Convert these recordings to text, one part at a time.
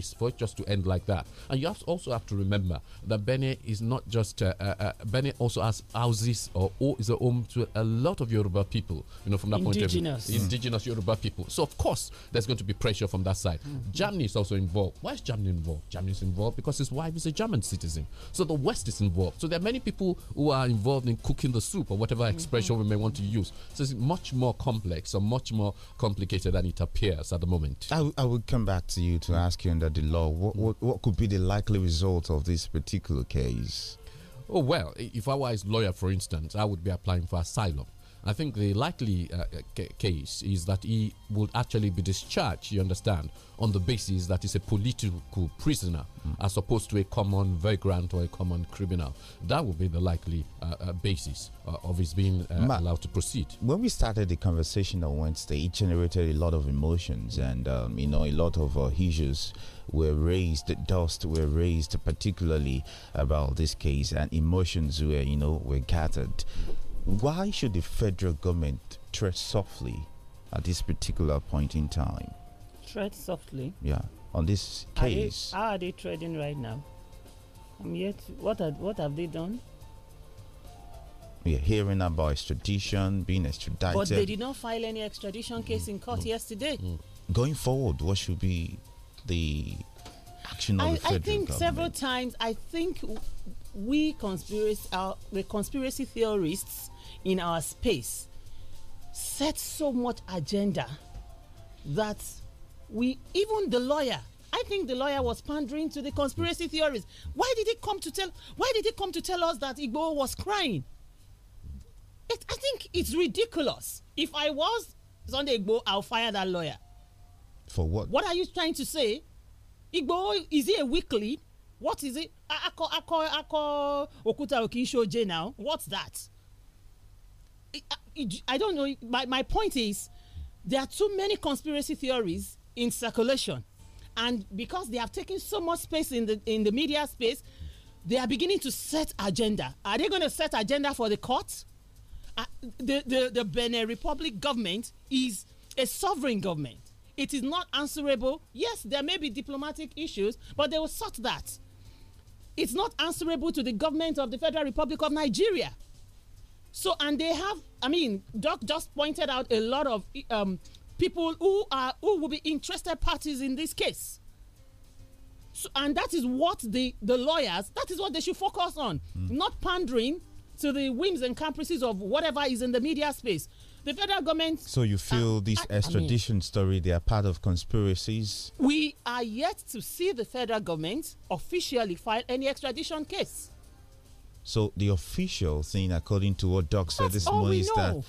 space for it just to end like that. And you have also have to remember that Benin is not just uh, uh, uh Benin also has houses or is a home to a lot of Yoruba people. You know, from that indigenous. point of view, mm. indigenous Yoruba people. So of course, there's going to be pressure from that side. Mm. Germany is also involved. Why is Germany involved? Germany is involved because his wife is a German citizen. So the West is involved. So there are many people who are involved in cooking the soup or whatever expression mm -hmm. we may want to use. So it's much more complex or much more complicated than it appears at the moment. I, I would come back to you to ask you and under the law. What, hmm. what, what could be the likely result of this particular case? Oh, well, if I was lawyer, for instance, I would be applying for asylum. I think the likely uh, uh case is that he would actually be discharged, you understand, on the basis that he's a political prisoner mm. as opposed to a common vagrant or a common criminal. That would be the likely uh, uh, basis uh, of his being uh, Ma, allowed to proceed. When we started the conversation on Wednesday, it generated a lot of emotions and, um, you know, a lot of issues were raised, dust were raised, particularly about this case, and emotions were, you know, were gathered. Why should the federal government tread softly at this particular point in time? Tread softly. Yeah, on this case. Are they, how are they treading right now? I'm yet. What are, what have they done? we're hearing about extradition, being extradited. But they did not file any extradition case in court mm. yesterday. Mm. Going forward, what should be the action of I, the federal I think government. several times. I think we conspiracy, uh, conspiracy theorists in our space set so much agenda that we even the lawyer I think the lawyer was pandering to the conspiracy theories. Why did he come to tell? Why did he come to tell us that Igbo was crying? It, I think it's ridiculous. If I was Sunday Igbo, I'll fire that lawyer. For what? What are you trying to say? Igbo, is it a weekly? What is it? Akọ Akọ Akọ Okuta Okinshoje now. What's that? I don't know. My, my point is, there are too many conspiracy theories in circulation. And because they have taken so much space in the in the media space, they are beginning to set agenda. Are they going to set agenda for the court? Uh, the, the, the Benin Republic government is a sovereign government it is not answerable. Yes, there may be diplomatic issues, but they will sort that. It's not answerable to the government of the Federal Republic of Nigeria. So, and they have, I mean, Doc just pointed out a lot of um, people who are who will be interested parties in this case. So, and that is what the the lawyers, that is what they should focus on, mm. not pandering to the whims and caprices of whatever is in the media space. The federal government. So you feel this extradition I mean, story, they are part of conspiracies? We are yet to see the federal government officially file any extradition case. So the official thing, according to what Doc said this morning, is that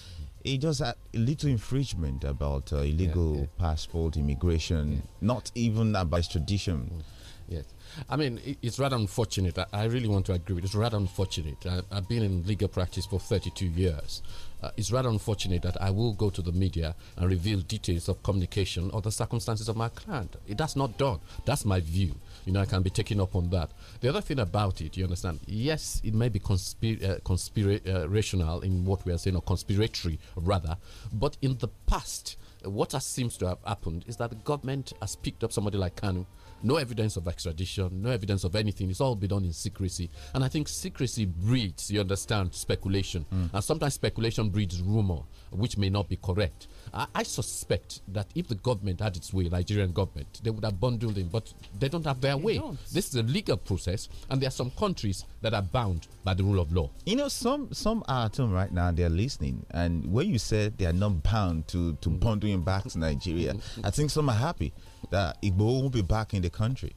it just had a little infringement about uh, illegal yeah, yeah. passport immigration, yeah. not even about extradition. Mm. Yes. I mean, it's rather unfortunate. I, really want to agree with it. It's rather unfortunate. I, have been in legal practice for 32 years. Uh, it's rather unfortunate that I will go to the media and reveal details of communication or the circumstances of my client. It, that's not done. That's my view. You know, I can be taken up on that. The other thing about it, you understand, yes, it may be conspir uh, conspirational uh, in what we are saying, or conspiratory rather, but in the past, what has seems to have happened is that the government has picked up somebody like Kanu no evidence of extradition, no evidence of anything. It's all been done in secrecy. And I think secrecy breeds, you understand, speculation. Mm. And sometimes speculation breeds rumor, which may not be correct. I, I, suspect that if the government had its way, Nigerian government, they would have bundled in, but they don't have their they way. Don't. This is a legal process, and there are some countries that are bound by the rule of law. You know, some some are at home right now, they're listening. And when you said they are not bound to, to hmm. bundle bundling back to Nigeria, hmm. I think some are happy that Igbo will not be back in the country.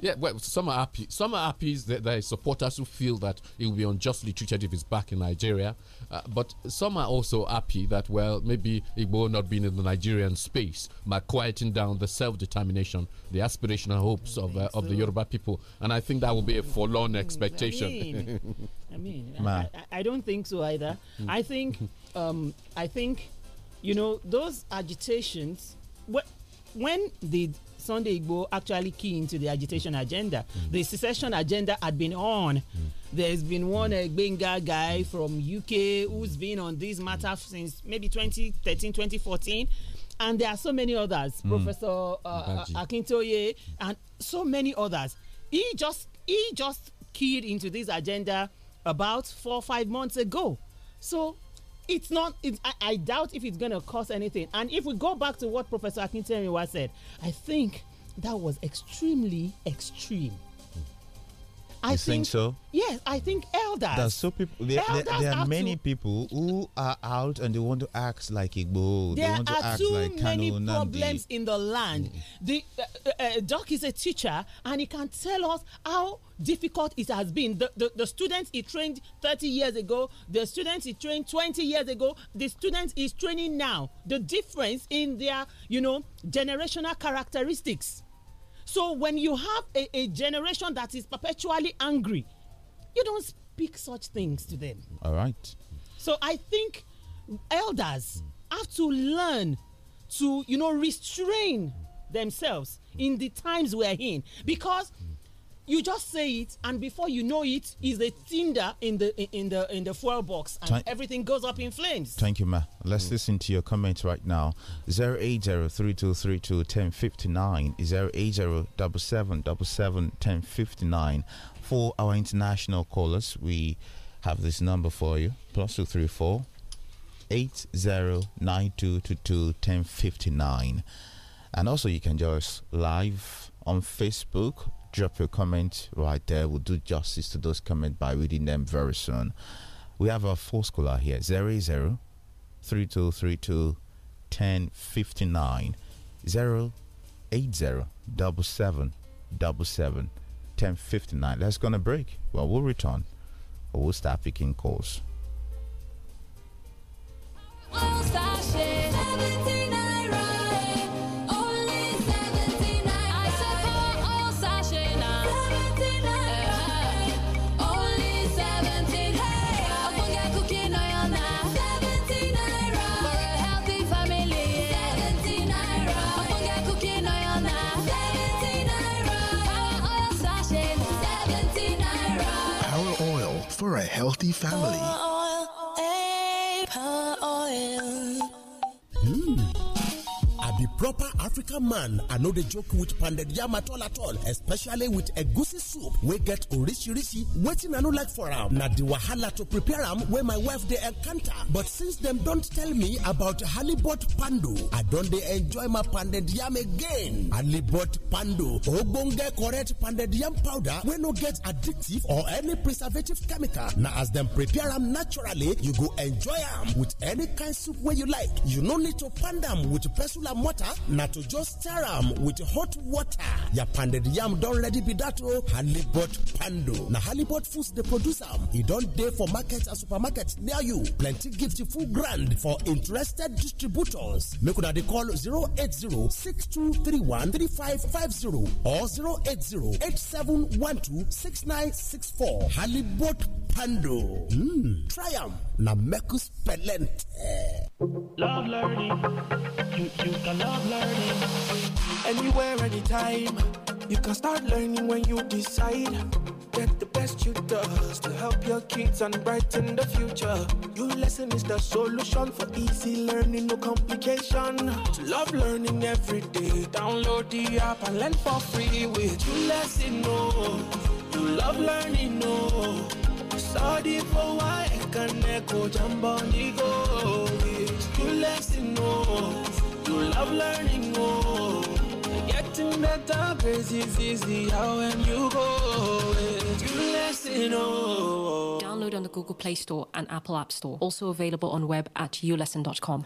Yeah, well, some are happy. Some are happy that their supporters who feel that he will be unjustly treated if he's back in Nigeria. Uh, but some are also happy that, well, maybe Igbo not being in the Nigerian space might quieting down the self-determination, the and hopes of uh, of the Yoruba people. And I think that will be a forlorn mm, expectation. I mean, I, mean I, I, don't think so either. I think, um, I think, you know, those agitations. What when did Sunday Igbo actually key into the agitation agenda. Mm. The secession agenda had been on. Mm. There's been one mm. Benga guy mm. from UK who's been on this matter mm. since maybe 2013, 2014. And there are so many others, mm. Professor uh, uh Akintoye, and so many others. He just he just keyed into this agenda about four or five months ago. So it's not it's, I, I, doubt if it's going to cost anything and if we go back to what professor Akintemiwa said i think that was extremely extreme I think, think, so. Yes, I think elders. so people. There, there, there are many to, people who are out and they want to act like Igbo. There they want are to act too many problems in the land. Mm. The uh, uh, uh, Doc is a teacher and he can tell us how difficult it has been. The, the, the students he trained 30 years ago, the students he trained 20 years ago, the students he's training now. The difference in their, you know, generational characteristics. So when you have a, a generation that is perpetually angry, you don't speak such things to them. All right. So I think elders have to learn to, you know, restrain themselves in the times we're in because you just say it and before you know it is a tinder in the in the in the fuel box and thank, everything goes up in flames thank you ma let's mm. listen to your comments right now 08032321059 08077771059 for our international callers we have this number for you plus 234 8092221059 and also you can join us live on facebook drop your comment right there. We'll do justice to those comments by reading them very soon. We have our fourth caller here 00 3232 1059 080 1059. That's going to break. Well, we'll return or we'll start picking calls. healthy family. Oh, proper african man i know the joke with pounded yam at all at all especially with a goosey soup We get orishirishi waiting. i no like for am na the wahala to prepare am where my wife dey encounter but since them don't tell me about halibut pando i don't dey enjoy my pounded yam again halibut pando obonge correct pounded yam powder We no get addictive or any preservative chemical Now as them prepare am naturally you go enjoy am with any kind soup where you like you no need to pound am with pestle and mortar na to just stir am with hot water. Ya pounded yam don ready be that o. Oh. Halibut pando na Halibut Foods dey produce am. E don dey for market and supermarket near you. Plenty gift full grand for interested distributors. Make una dey call 08062313550 or 080-8712-6964. Halibut pando mm. triumph na mecus pelente. love learning you, you can love learning anywhere anytime you can start learning when you decide get the best you does to help your kids and brighten the future. Your lesson is the solution for easy learning, no complication. To love learning every day. Download the app and learn for free with your lesson. No, oh. you love learning. No. Oh. Sorry for why I can not echo jumbo nigo. You lesson no, you love learning more. Getting better, grace is easy. How and you go? Download on the Google Play Store and Apple App Store. Also available on web at ulesson.com.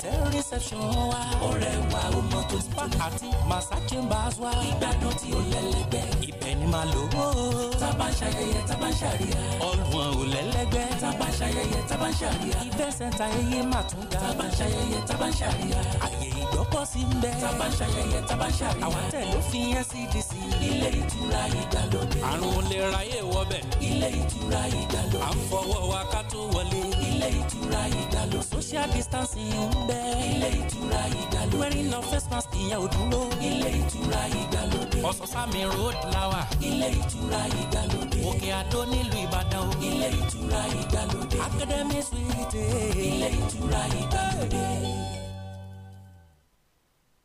hòtẹ́ẹ̀lì reception wa. ọ̀rẹ́ wa ó mọ tó ti tó. pàtàkì massa chambers wa. ìgbádùn tí ó lẹ́lẹ́gbẹ́. ibẹ̀ ni màá lò ó. tábà ọ̀gbun ò lẹ́lẹ́gbẹ́. tábà ń ṣayẹyẹ tábà ń center eyé mà tún ga. tábà ń ṣayẹyẹ tábà ń ṣàríyá. àyè ìgbọ́kọ̀ sí ń bẹ. tábà ń ṣayẹyẹ tábà ń ṣàríyá. àwọn tẹ̀ ló fi NCDC. ilé ìtura ìgbàlódé. àrùn olè ráyè wọbẹ̀. ilé ìtura ìgbàlódé. à ń fọwọ́ wa ká tó wọlé ilé ìtura ìdàlọ́. social distancing ń bẹ. ilé ìtura ìdàlọ́. wearing no face mask ìyẹn ò dúró. ilé ìtura ìdàlódé. ọ̀sánsámi road lawa. ilé ìtura ìdàlódé. òkè àdó nílùú ìbàdàn o. ilé ìtura ìdàlódé. academy suite. ilé ìtura ìdàlódé.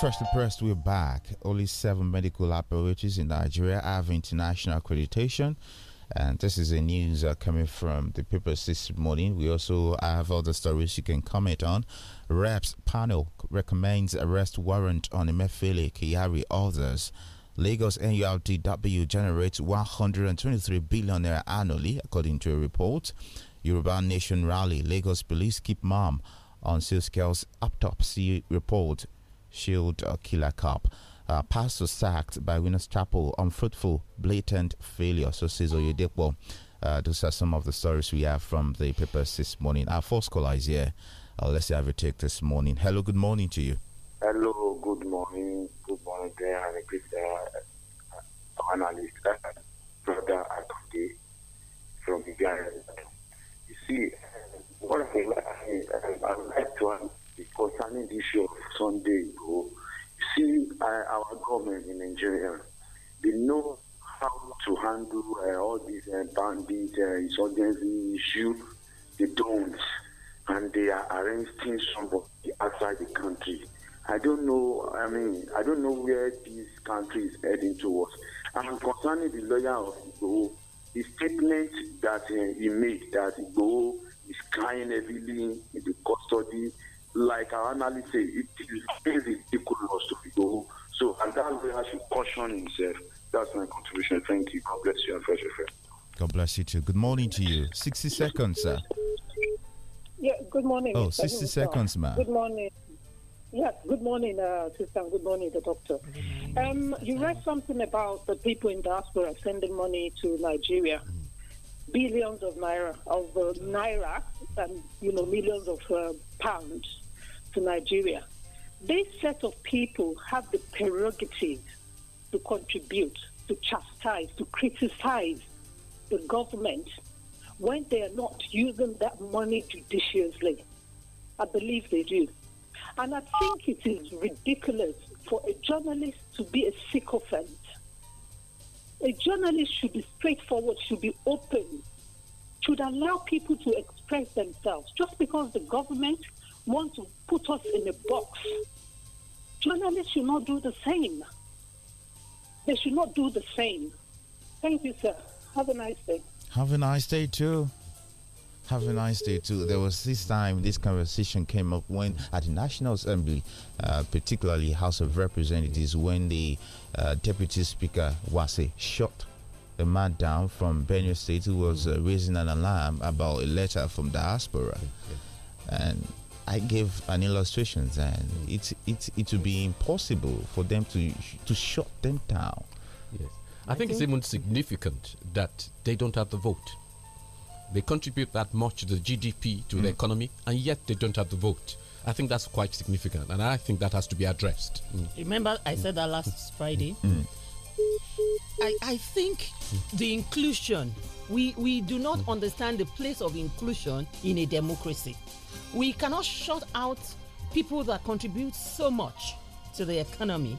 First impressed, we're back. Only seven medical laboratories in Nigeria have international accreditation. And this is the news uh, coming from the papers this morning. We also have other stories you can comment on. Reps panel recommends arrest warrant on Emefele Kiyari others. Lagos NURDW generates 123 billion naira annually, according to a report. Yoruba Nation rally. Lagos police keep mum on Silscale's autopsy report. Shield Killer Cup. Uh, pastor sacked by Winners Chapel, unfruitful, blatant failure. So says Oyedepo. Uh, those are some of the stories we have from the papers this morning. Our first caller is here. Uh, let's have a take this morning. Hello, good morning to you. Hello, good morning. Good morning, there. And a great uh, analyst, uh, brother from Ghana. You see, uh, thing I would like to ask concerning the issue of Sunday our government in Nigeria. They know how to handle uh, all these uh, bandit uh, insurgency issue. They don't, and they are arresting somebody outside the country. I don't know. I mean, I don't know where this country is heading towards. And concerning the lawyer of Igbo, the statement that uh, he made that Igbo is crying heavily in the custody, like our analyst said, it is very ridiculous to Igbo so, and that lawyer should caution himself. That's my contribution. Thank you. God bless you and fresh affair. God bless you too. Good morning to you. 60 seconds, sir. Yeah, good morning. Oh, 60 Mr. seconds, ma'am. Good morning. Yes, good morning, uh, sister. Good morning, the doctor. um, you read something about the people in diaspora sending money to Nigeria, mm. billions of naira, of uh, naira, and you know millions of uh, pounds to Nigeria. This set of people have the prerogative to contribute, to chastise, to criticize the government when they are not using that money judiciously. I believe they do. And I think it is ridiculous for a journalist to be a sycophant. A journalist should be straightforward, should be open, should allow people to express themselves. Just because the government wants to put us in a box. Journalists should not do the same. They should not do the same. Thank you, sir. Have a nice day. Have a nice day, too. Have a nice day too. There was this time this conversation came up when at the National Assembly, uh, particularly House of Representatives, when the uh, Deputy Speaker Wase shot a man down from Benue State who was uh, raising an alarm about a letter from diaspora. And I gave an illustration, and it's it's it would be impossible for them to to shut them down. Yes, I, I think, think it's even significant that they don't have the vote. They contribute that much to the GDP to mm. the economy, and yet they don't have the vote. I think that's quite significant, and I think that has to be addressed. Mm. Remember, I said that last mm. Friday. Mm. mm. I, I think the inclusion, we, we do not mm. understand the place of inclusion in a democracy. We cannot shut out people that contribute so much to the economy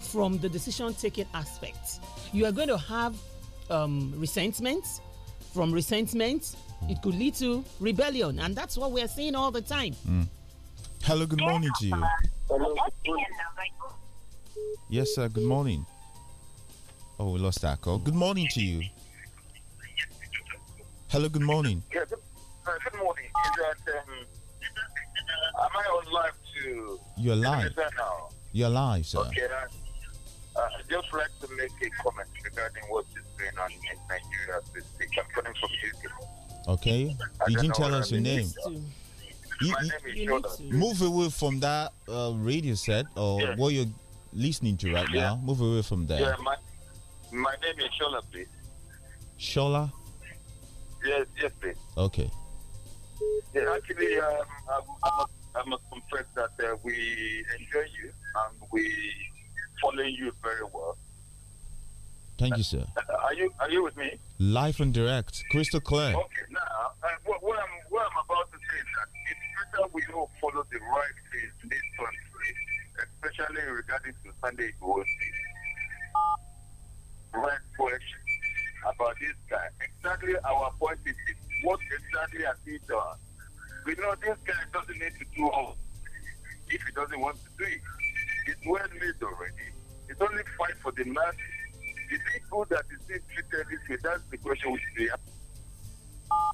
from the decision taking aspect. You are going to have um, resentment. From resentment, it could lead to rebellion, and that's what we are seeing all the time. Mm. Hello, good morning to you. Yes, sir, good morning. Oh, we lost that call. Good morning to you. Hello, good morning. Yeah, good, uh, good morning. Is that, um, Am I on live to? You're live. Now? You're live, sir. Okay. I, uh, I'd just like to make a comment regarding what is going on in Nigeria I'm coming from UK. Okay. you didn't tell us your name. You, is you move away from that uh, radio set or what you're listening to right yeah. now. Move away from there. Yeah, my, my name is Shola, please. Shola? Yes, yes, please. Okay. Yeah, actually, um, I'm, I'm I must confess that uh, we enjoy you and we follow you very well. Thank you, sir. Are you are you with me? Live and direct, crystal clear. Okay, now uh, what, what, I'm what I'm about to say is that it's better we all follow the right things in this country, especially regarding to Sunday Igboho. Right question about this guy. Exactly our point is what exactly has he done? we know this guy doesn't need to do all if he doesn't want to do it. It's well made already. It's only fight for the mass. The people that is being treated this way, that's the question which they have.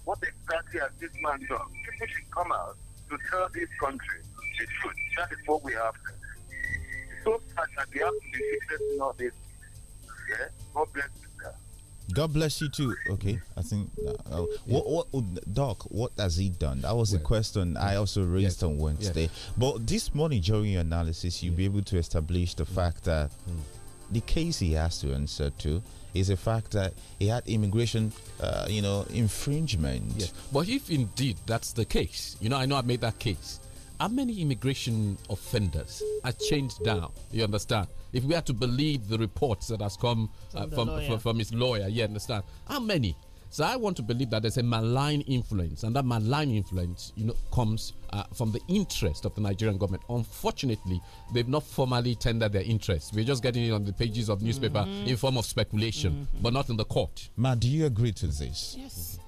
What exactly has this man done? People should come out to tell this country the truth. That is what we have. It's so sad that they have to be fixed in all this. Yeah? God bless God bless you too. Okay, I think. Uh, uh What what oh, Doc? What has he done? That was well, the question I also raised on Wednesday. But this morning during your analysis, you'll be able to establish the mm. fact that mm. the case he has to answer to is a fact that he had immigration, uh, you know, infringement. But if indeed that's the case, you know, I know I made that case how many immigration offenders are chained down? You understand? If we are to believe the reports that has come uh, from, from, from, his lawyer, you understand? How many? So I want to believe that there's a malign influence, and that malign influence, you know, comes uh, from the interest of the Nigerian government. Unfortunately, they've not formally tendered their interest. We're just getting it on the pages of newspaper mm -hmm. in form of speculation, mm -hmm. but not in the court. Ma, do you agree to this? Yes,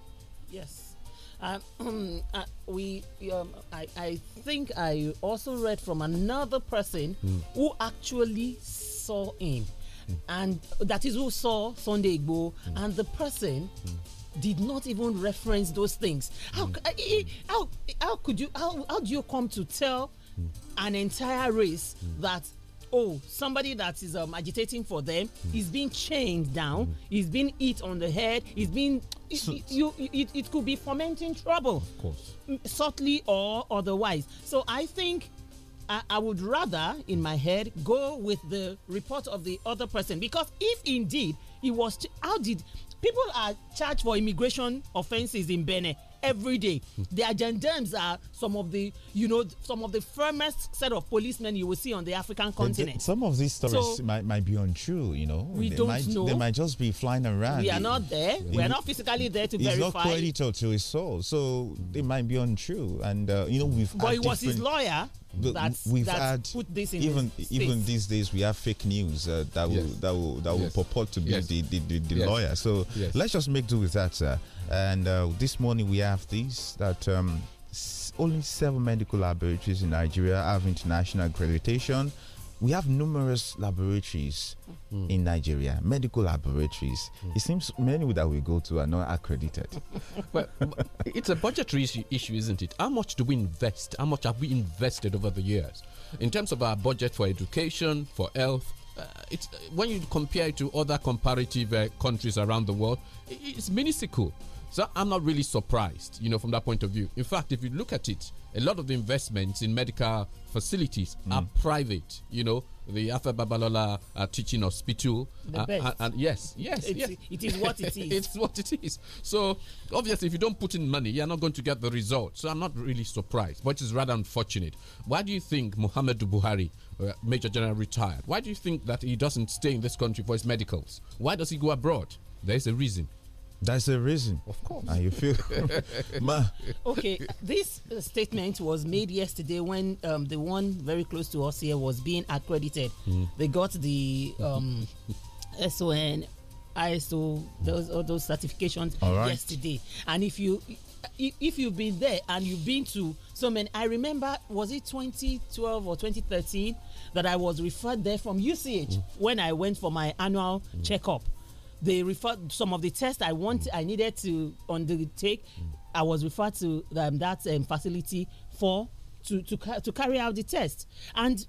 yes. Um, uh, we, um, I, I think I also read from another person mm. who actually saw him, mm. and that is who saw Sunday Igbo, mm. and the person hmm. did not even reference those things. How, hmm. eh, eh, how, how could you? How, how do you come to tell hmm. an entire race that? Oh, somebody that is um, agitating for them is being chained down, is being hit on the head, is being so, you, it, it could be fomenting trouble. Of course. Mm, subtly or otherwise. So I think I, I would rather, in my head, go with the report of the other person because if indeed it was, how did people are charged for immigration offenses in Benin? every day. the agendams are some of the, you know, some of the firmest set of policemen you will see on the African continent. The, some of these stories so, might, might be untrue, you know. We they don't might, know. They might just be flying around. We are not there. we are not physically there to it's verify. It's not credited to his soul, so it might be untrue. And uh, you know, we've. But it was his lawyer. That's, we've that's had even even these days we have fake news uh, that will yes. that will that will yes. purport to be yes. the the, the, the lawyer. So let's just make do with that. Uh, and uh, this morning we have this that um, only seven medical laboratories in Nigeria have international accreditation. We have numerous laboratories mm. in Nigeria, medical laboratories. Mm. It seems many that we go to are not accredited. well, it's a budgetary issue, issue, isn't it? How much do we invest? How much have we invested over the years in terms of our budget for education, for health, uh, it's uh, when you compare it to other comparative uh, countries around the world, it's minuscule. So I'm not really surprised, you know, from that point of view. In fact, if you look at it, a lot of the investments in medical facilities mm. are private, you know, the Afa Babalola uh, teaching hospital. The uh, and, and, yes, yes, it's, yes. It is what it is. it's what it is. So obviously, if you don't put in money, you're not going to get the results. So I'm not really surprised, but it's rather unfortunate. Why do you think Muhammad Buhari, uh, Major General, retired? Why do you think that he doesn't stay in this country for his medicals? Why does he go abroad? There is a reason. That's the reason. Of course. And you feel. Ma. Okay, this uh, statement was made yesterday when um, the one very close to us here was being accredited. Mm. They got the um, SON, ISO, those, all those certifications yesterday. And if you if you've been there and you've been to so many, I remember was it 2012 or 2013 that I was referred there from UCH mm. when I went for my annual mm. checkup they referred some of the tests I want I needed to undertake. I was referred to um, that um, facility for to to to carry out the test and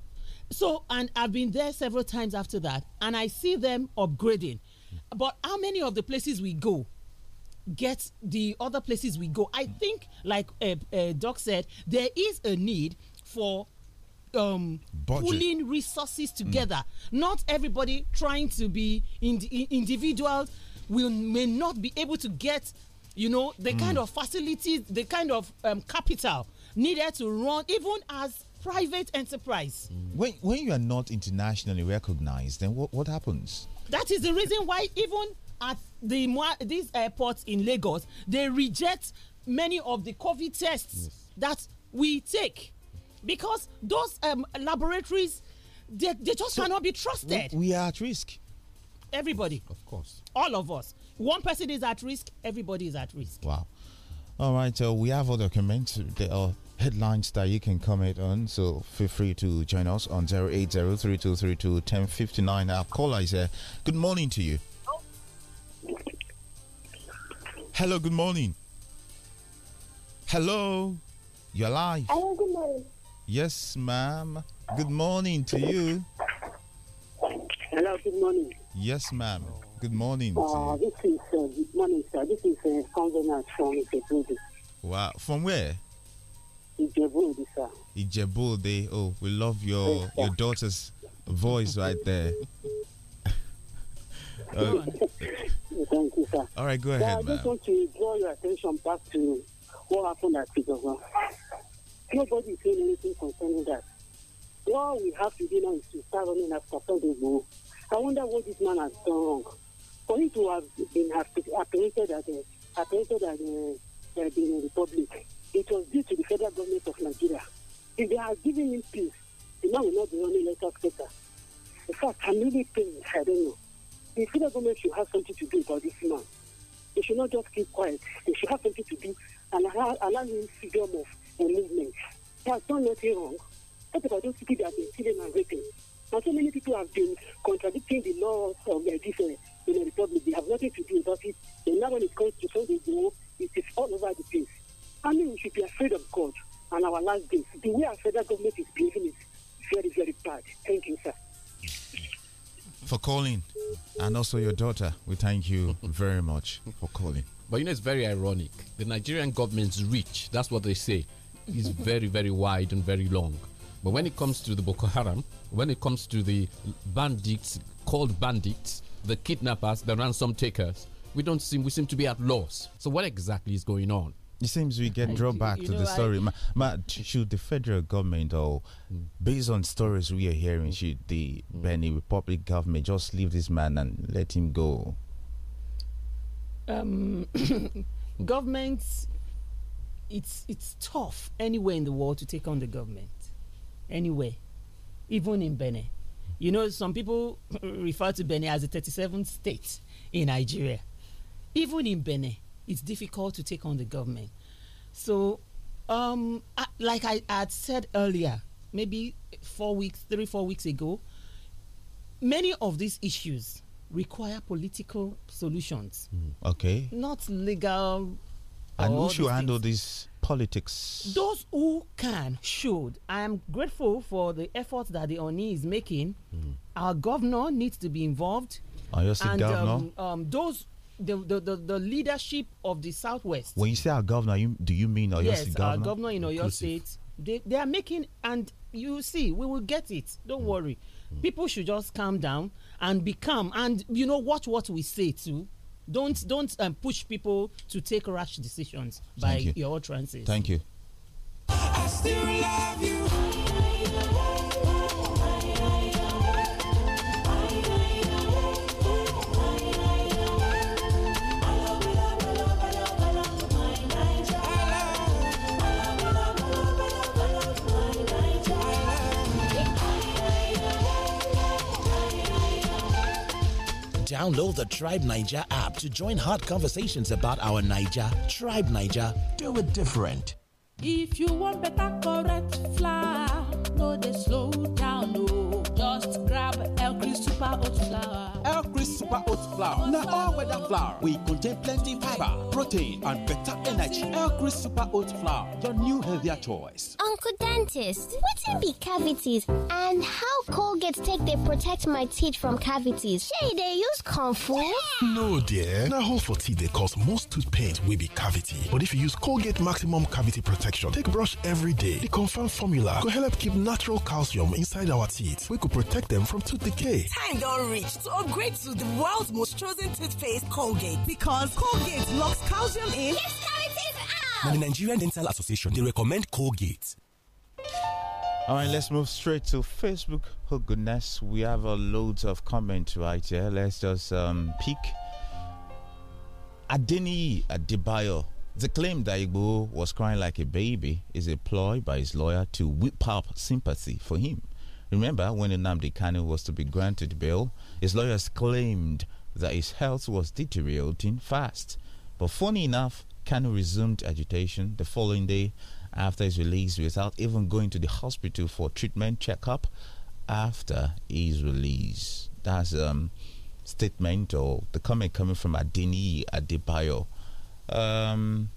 so and I've been there several times after that and I see them upgrading. But how many of the places we go get the other places we go? I think, like uh, uh, Doc said, there is a need for um, pulling resources together. Mm. Not everybody trying to be in, in, individual will may not be able to get, you know, the mm. kind of facilities, the kind of um, capital needed to run even as private enterprise. Mm. When when you are not internationally recognized, then what what happens? That is the reason why even at the these airports in Lagos, they reject many of the COVID tests yes. that we take because those um, laboratories, they, they just so cannot be trusted. We, we are at risk. Everybody. Of course. All of us. One person is at risk, everybody is at risk. Wow. All right, So uh, we have other comments. There are headlines that you can comment on, so feel free to join us on 80 1059 Our caller is here. Good morning to you. Hello, good morning. Hello, you're live. Hello, good morning. Yes, ma'am. Good morning to you. Hello, good morning. Yes, ma'am. Good morning. Uh, this is uh, good morning, sir. This is uh, Convener from Ijebuode. Wow, from where? Ijebuode, sir. Ijebuode. Oh, we love your yes, your daughter's voice right there. uh, Thank you, sir. All right, go ahead, well, I just want to draw your attention back to what happened at Ijebuode. Nobody is saying anything concerning that. All we have to do now is to start running after Sunday Igboho. I wonder what this man has done wrong. For him to have been apprehended as a, apprehended a, uh, the Republic, it was due to the federal government of Nigeria. If they are giving him peace, the man will not be running like a skater. In fact, I'm really I don't know. The federal government should have something to do about this man. They should not just keep quiet. They should have something to do and allow him freedom of for movement. He has done nothing wrong. Talk about those people that have been killed and raping. And so many people have been contradicting the laws of their different in the Republic. They have nothing to do about it. And now when it comes to Sunday go, it is all over the place. I mean, we should be afraid of God and our last days. The way our federal government is behaving is very, very bad. Thank you, sir. For calling. And also your daughter. We thank you very much for calling. But you know, it's very ironic. The Nigerian government's rich. That's what they say is very, very wide and very long. But when it comes to the Boko Haram, when it comes to the bandits called bandits, the kidnappers, the ransom takers, we don't seem we seem to be at loss. So what exactly is going on? It seems we get drawn back to the story. Ma, ma, should the federal government, or hmm. based on stories we are hearing, should the mm. Benin Republic government just leave this man and let him go? Um, governments it's it's tough anywhere in the world to take on the government, anywhere, even in Benin. You know, some people refer to Benin as the 37th state in Nigeria. Even in Benin, it's difficult to take on the government. So, um, I, like I, I had said earlier, maybe four weeks, three, four weeks ago, many of these issues require political solutions. Hmm, okay. Not legal and who should handle these politics? Those who can should. I am grateful for the effort that the Oni is making. Mm. Our governor needs to be involved. Are you and um, governor? Um, um, those the, the, the, the, leadership of the southwest. When you say our governor, you, do you mean Oyo yes, State governor? Yes, our governor in Oyo State. They, they are making and you see, we will get it. Don't mm. worry. Mm. People should just calm down and become and you know watch what we say too don't don't um, push people to take rash decisions by you. your utterances. Thank you. download the Tribe Niger app to join hot conversations about our Niger. Tribe Niger, do it different. If you want better, correct flour, no, they slow down, no. Just grab Elkris Super Oat Flour. Elkris Super Oat Flour. Now all weather flour. We contain plenty fiber, protein, and better energy. Elkris Super Oat Flour. Your new healthier choice. Uncle Dentist, what be cavities and how Colgate take they protect my teeth from cavities? Shay, they use Kung Fu? No, dear. Now, hole for teeth they cause most tooth pain will be cavity. But if you use Colgate Maximum Cavity Protection, take brush every day. The confirmed formula could help keep natural calcium inside our teeth. We could protect them from tooth decay. Time don't reach to upgrade to the world's most chosen toothpaste, Colgate. Because Colgate locks calcium in. Keeps cavities out! the Nigerian Dental Association, they recommend Colgate. All right, let's move straight to Facebook. Oh, goodness, we have a loads of comments right here. Let's just um, pick. Adeni Adebayo. The claim that Igbo was crying like a baby is a ploy by his lawyer to whip up sympathy for him. Remember, when Nnamdi Kanu was to be granted bail, his lawyers claimed that his health was deteriorating fast. But funny enough, Kanu resumed agitation the following day after his release without even going to the hospital for treatment checkup after his release. That's um statement or the comment coming from Adini Adebayo. Um,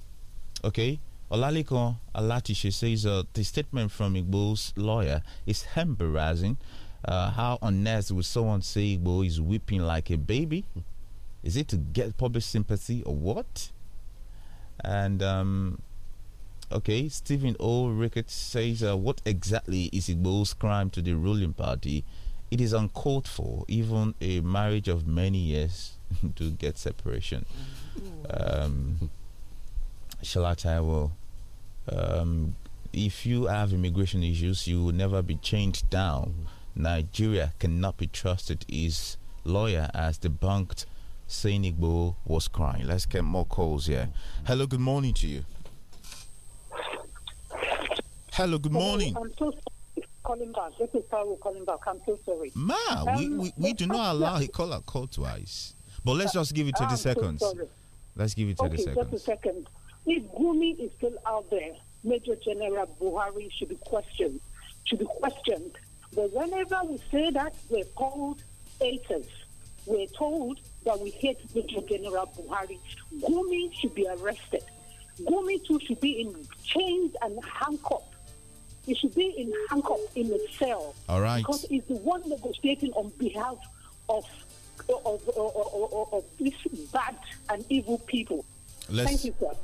okay. Olaliko Alatiche says uh, the statement from Igbo's lawyer is embarrassing. Uh, how on earth would someone say Igbo is weeping like a baby? Is it to get public sympathy or what? And um, okay, Stephen O. Ricketts says, uh, What exactly is Igbo's crime to the ruling party? It is uncalled for, even a marriage of many years to get separation. Mm-hmm. Um, Shalataiwo um, if you have immigration issues, you will never be chained down. Nigeria cannot be trusted. His lawyer has debunked saying Igbo was crying. Let's get more calls here. Hello, good morning to you. Hello, good morning. I'm sorry. calling back. This is calling back. I'm so sorry. Ma, um, we, we, we do not allow a caller call twice. But let's just give it 30 ah, I'm seconds. So let's give it 30 okay, seconds. Just a second. If Gumi is still out there, Major General Buhari should be questioned. Should be questioned. But whenever we say that, we're called haters. We're told that we hate Major General Buhari. Gumi should be arrested. Gumi too should be in chains and handcuffed. He should be in handcuffs in a cell. All right. Because he's the one negotiating on behalf of of, of, of, of, of these bad and evil people. Let's, Thank you, sir.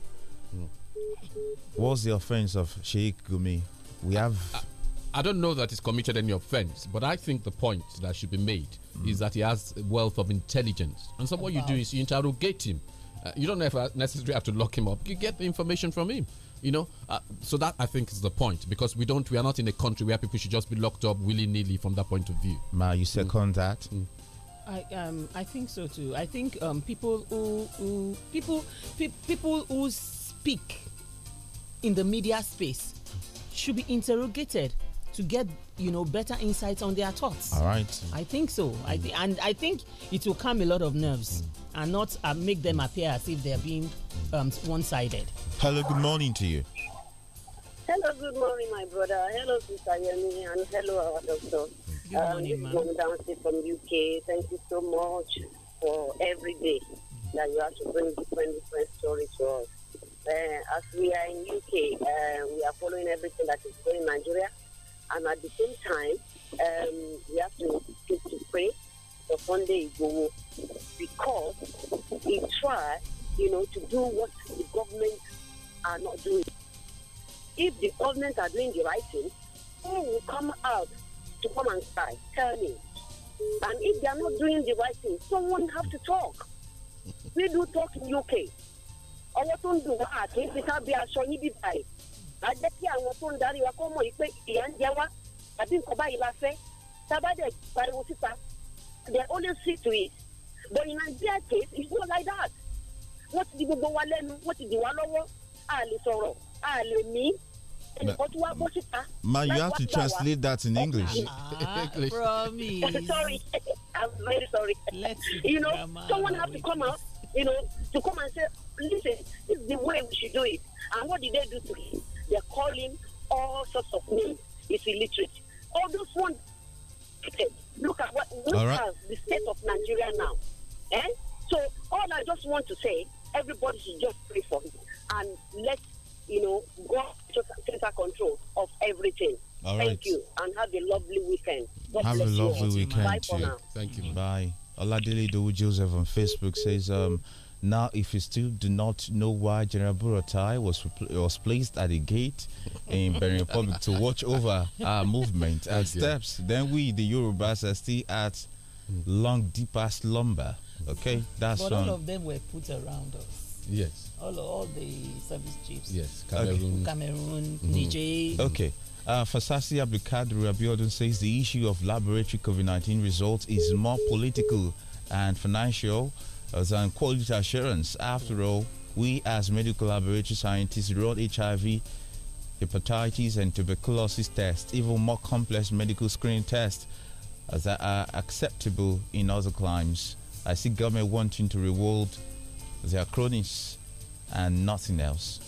What's the offense of Sheikh Gumi? We have. I, I, don't know that he's committed any offense, but I think the point that should be made mm. is that he has a wealth of intelligence. And so, what wow. you do is you interrogate him. Uh, you don't necessarily have to lock him up. You get the information from him you know uh, so that i think is the point because we don't we are not in a country where people should just be locked up willy-nilly from that point of view ma you second mm. that mm. I, um, I think so too. I think um, people who, who people pe people who speak in the media space should be interrogated to get you know better insights on their thoughts. All right. I think so. Mm. I th and I think it will calm a lot of nerves mm. and not uh, make them appear as if they're being um, one-sided. Hello. Good morning to you. Hello. Good morning, my brother. Hello, Sister Yemi, and hello, our doctor. Good um, morning, ma'am. from UK. Thank you so much for every day that you have to bring different different stories to us uh, as we are in UK, uh, we are following everything that is going in Nigeria. And at the same time, um, we have to keep to pray for Sunday Igbo because we try, you know, to do what the government are not doing. If the government are doing the right thing, who will come out to come and cry? Tell me. And if they are not doing the right thing, someone have to talk. We do talk in UK ọwọ́ tó ń dùn wá àti fi ká bí aṣọ yín bíbá ẹ̀ á jẹ́ kí àwọn tó ń darí wa ati fi mọ̀ yìí pé ìyà ń jẹ wá tàbí nǹkan báyìí la fẹ́ tábàdẹ̀ pariwo síta they only see to it but in Nigeria case it's not like that wọ́n ti di gbogbo wa lẹ́nu wọ́n ti di wa lọ́wọ́ a lè sọ̀rọ̀ a lè mí ẹnìkan you have to translate that in English. ah, ah promise. sorry i'm very sorry. let's you know someone has to come out you know, to come and say, listen, this is the way we should do it. And what did they do to him? They're calling all sorts of names. He's illiterate. All those ones. Look at what look right. at the state of Nigeria now. Eh? So all I just want to say, everybody should just pray for him and let you know God just take control of everything. All Thank right. you and have a lovely weekend. God have a lovely you. weekend. Bye too. Thank you. Bye. Oladele Dowu Joseph on Facebook says, um, now, if you still do not know why General Buratai was was placed at the gate in Benin Republic to watch over our movement and steps, then we, the Yorubas, are still at long, deeper slumber. Okay, that's but all of them were put around us. Yes. All all the service chiefs. Yes, Cameroon, okay. Cameroon, mm -hmm. Niger. Okay. Uh, Fasasi Abdulkadir Abiodun says the issue of laboratory COVID 19 results is more political and financial uh, than quality assurance. After all, we as medical laboratory scientists run HIV, hepatitis, and tuberculosis tests, even more complex medical screening tests that are acceptable in other climes. I see government wanting to reward their cronies and nothing else.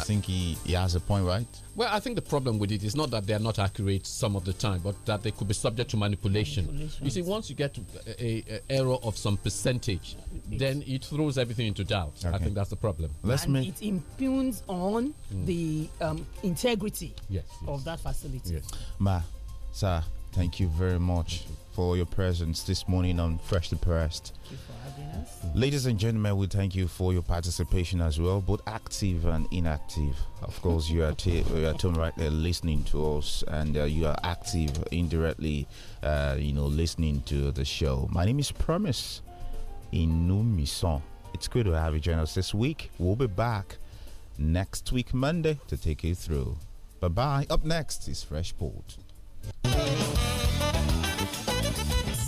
I think he, he has a point, right? Well, I think the problem with it is not that they are not accurate some of the time, but that they could be subject to manipulation. manipulation. You see, once you get a, a, error of some percentage, then it throws everything into doubt. Okay. I think that's the problem. Let's and make it impugns on mm. the um, integrity yes, yes. of that facility. Yes. Ma, sir. Thank you very much for your presence this morning on Fresh Depressed. Thank you for having us. Ladies and gentlemen, we thank you for your participation as well, both active and inactive. Of course, you are, you are right there listening to us and uh, you are active indirectly, uh, you know, listening to the show. My name is Promise Inumison. It's good to have you join us this week. We'll be back next week, Monday, to take you through. Bye bye. Up next is Fresh Port.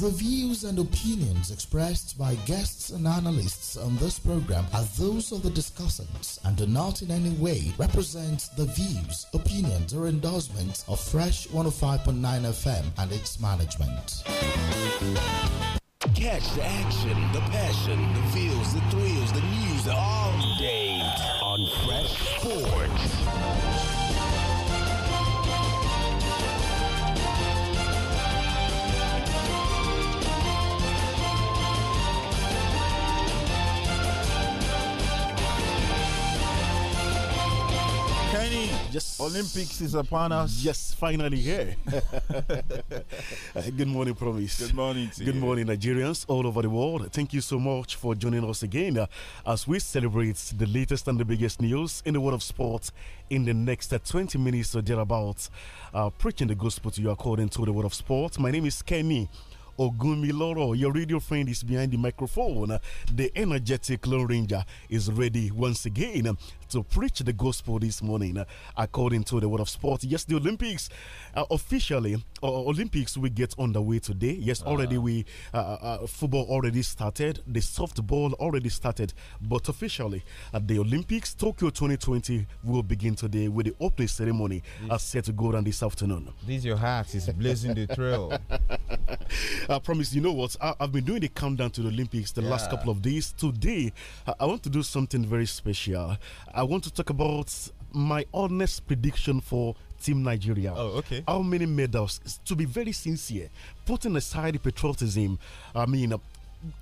The views and opinions expressed by guests and analysts on this program are those of the discussants and do not in any way represent the views, opinions, or endorsements of Fresh 105.9 FM and its management. Catch the action, the passion, the feels, the thrills, the news all day on Fresh Sports. Yes. Olympics is upon us. Yes, finally here. good morning, Promise. Good morning. good you. morning, Nigerians all over the world. Thank you so much for joining us again uh, as we celebrate the latest and the biggest news in the world of sports in the next uh, 20 minutes or thereabouts. Uh, preaching the gospel to you according to the world of sports. My name is Kenny. Ogumiloro, your radio friend is behind the microphone. The energetic Lone Ranger is ready once again to preach the gospel this morning, uh, according to the world of sport. Yes, the Olympics uh, officially, uh, Olympics we get underway today. Yes, ah. already we football already started, the softball already started, but officially at the Olympics Tokyo 2020 will begin today with the opening ceremony mm. as set to go down this afternoon. This your heart is blazing the trail. I promise. You know what? I, have been doing the countdown to the Olympics the yeah. last couple of days. Today, I, I, want to do something very special. I want to talk about my honest prediction for Team Nigeria. Oh, okay. How many medals? To be very sincere, putting aside the patriotism, I mean, uh,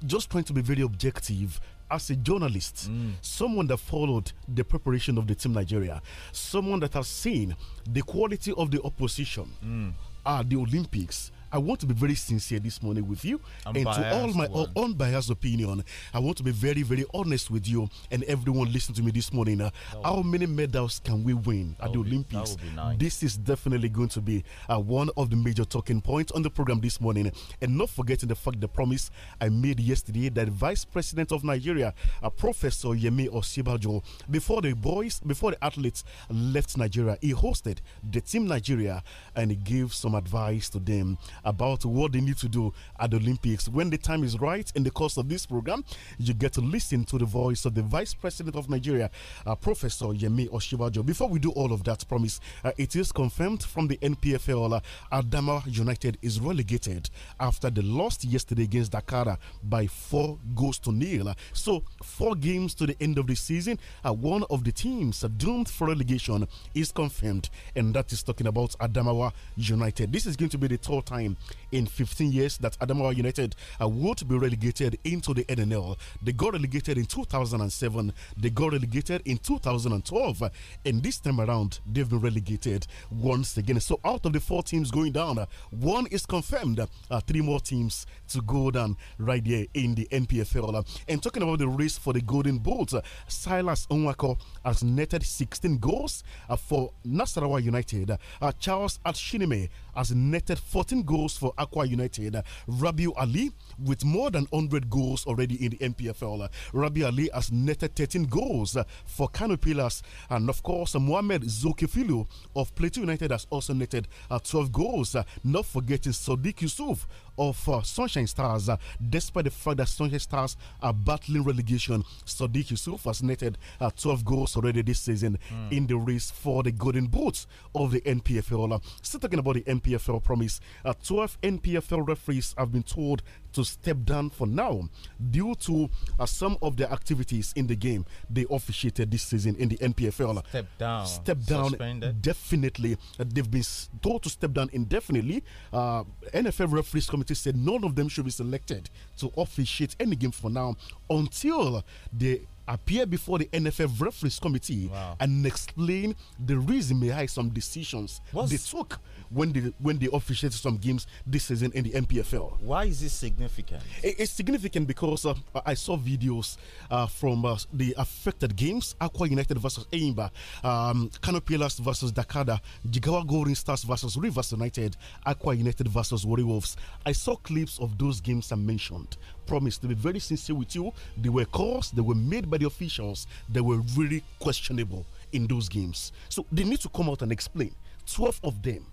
just trying to be very objective. As a journalist, mm. someone that followed the preparation of the team Nigeria, someone that has seen the quality of the opposition mm. at the Olympics, I want to be very sincere this morning with you and to all my one. unbiased opinion. I want to be very, very honest with you and everyone listening to me this morning. Uh, how many medals can we win at the Olympics? Be, nice. This is definitely going to be uh, one of the major talking points on the program this morning. And not forgetting the fact, the promise I made yesterday that Vice President of Nigeria, uh, Professor Yemi Osibajo, before the boys, before the athletes left Nigeria, he hosted the team Nigeria and he gave some advice to them about what they need to do at the Olympics. When the time is right in the course of this program, you get to listen to the voice of the Vice President of Nigeria, uh, Professor Yemi Oshibajo. Before we do all of that, promise, uh, it is confirmed from the NPFL uh, Adama United is relegated after they lost yesterday against Dakar by four goals to nil. So, four games to the end of the season, uh, one of the teams doomed for relegation is confirmed, and that is talking about Adamawa United. This is going to be the third time in 15 years that Adamawa United uh, would be relegated into the NNL. They got relegated in 2007, they got relegated in 2012, and this time around, they've been relegated once again. So, out of the four teams going down, one is confirmed, uh, three more teams to go down right there in the NPFL. Uh, and talking about the race for the Golden Bolt, uh, Silas Onwako has netted 16 goals uh, for Nasarawa United. Uh, Charles Atshinime has netted 14 goals goals for Aqua United, Rabiu Ali with more than 100 goals already in the NPFL. Rabi Ali has netted 13 goals for Kano Pillars. And of course, Mohamed Zokifilu of Plateau United has also netted uh, 12 goals. Not forgetting Sadiq Yusuf of uh, Sunshine Stars, uh, despite the fact that Sunshine Stars are battling relegation. Sadiq Yusuf has netted uh, 12 goals already this season mm. in the race for the golden boots of the NPFL. Still talking about the NPFL promise, uh, 12 NPFL referees have been told to step down for now due to uh, some of their activities in the game they officiated this season in the NPFL. Step down. Step down. Suspended. Definitely. Uh, they've been told to step down indefinitely. Uh, NFF Referees Committee said none of them should be selected to officiate any game for now until they appear before the NFF referees committee wow. and explain the reason behind some decisions What's, they took when they when they officiate some games this season in the MPFL. Why is this significant? It, it's significant because uh, I saw videos uh, from uh, the affected games: Aqua United versus Eimba, um, Canopilas versus Dakada, Jigawa Golden Stars versus Rivers United, Aqua United versus Warrior Wolves. I saw clips of those games I mentioned. Promise to be very sincere with you, they were calls, they were made by the officials, they were really questionable in those games. So they need to come out and explain. 12 of them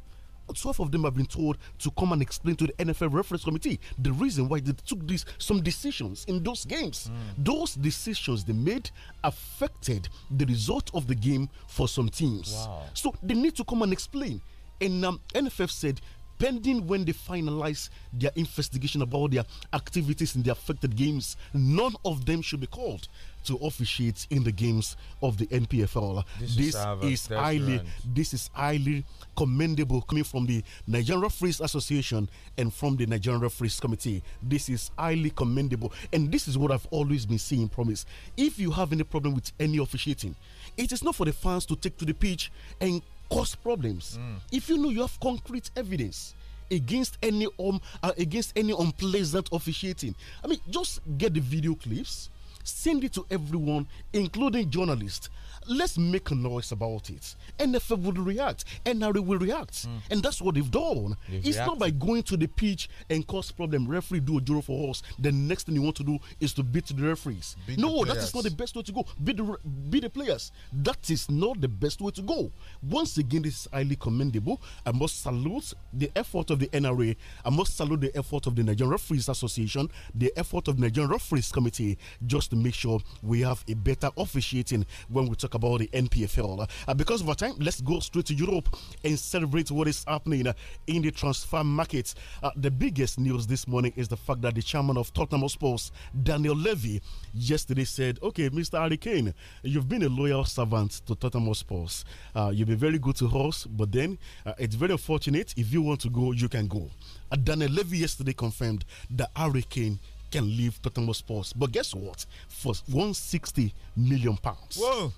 12 of them have been told to come and explain to the NFL Reference Committee the reason why they took these some decisions in those games. Mm. Those decisions they made affected the result of the game for some teams. Wow. So they need to come and explain. And um, NFF said pending when they finalize their investigation about their activities in the affected games. None of them should be called to officiate in the games of the NPFL. This, this is, is highly this is highly commendable coming from the Nigerian Referees Association and from the Nigerian Referees Committee. This is highly commendable, and this is what I've always been seeing. Promise. If you have any problem with any officiating, it is not for the fans to take to the pitch and cause problems. Mm. If you know you have concrete evidence against any um uh, against any unpleasant officiating, I mean, just get the video clips Send it to everyone, including journalists. Let's make a noise about it. NFA will react. NRA will react. Mm. And that's what they've done. They've it's reacted. not by going to the pitch and cause problem. Referee do a juror for us. The next thing you want to do is to beat the referees. Beat no, the that is not the best way to go. Beat the, beat the players. That is not the best way to go. Once again, this is highly commendable. I must salute the effort of the NRA. I must salute the effort of the Nigerian Referees Association, the effort of the Nigerian Referees Committee. Just to make sure we have a better officiating when we talk about the NPFL. Uh, because of our time, let's go straight to Europe and celebrate what is happening uh, in the transfer market. Uh, the biggest news this morning is the fact that the chairman of Tottenham Sports, Daniel Levy, yesterday said, Okay, Mr. Harry Kane, you've been a loyal servant to Tottenham Sports. Uh, you've been very good to us, but then uh, it's very unfortunate. If you want to go, you can go. Uh, Daniel Levy yesterday confirmed that Harry Kane can leave Tottenham Sports. But guess what? For 160 million pounds. Whoa!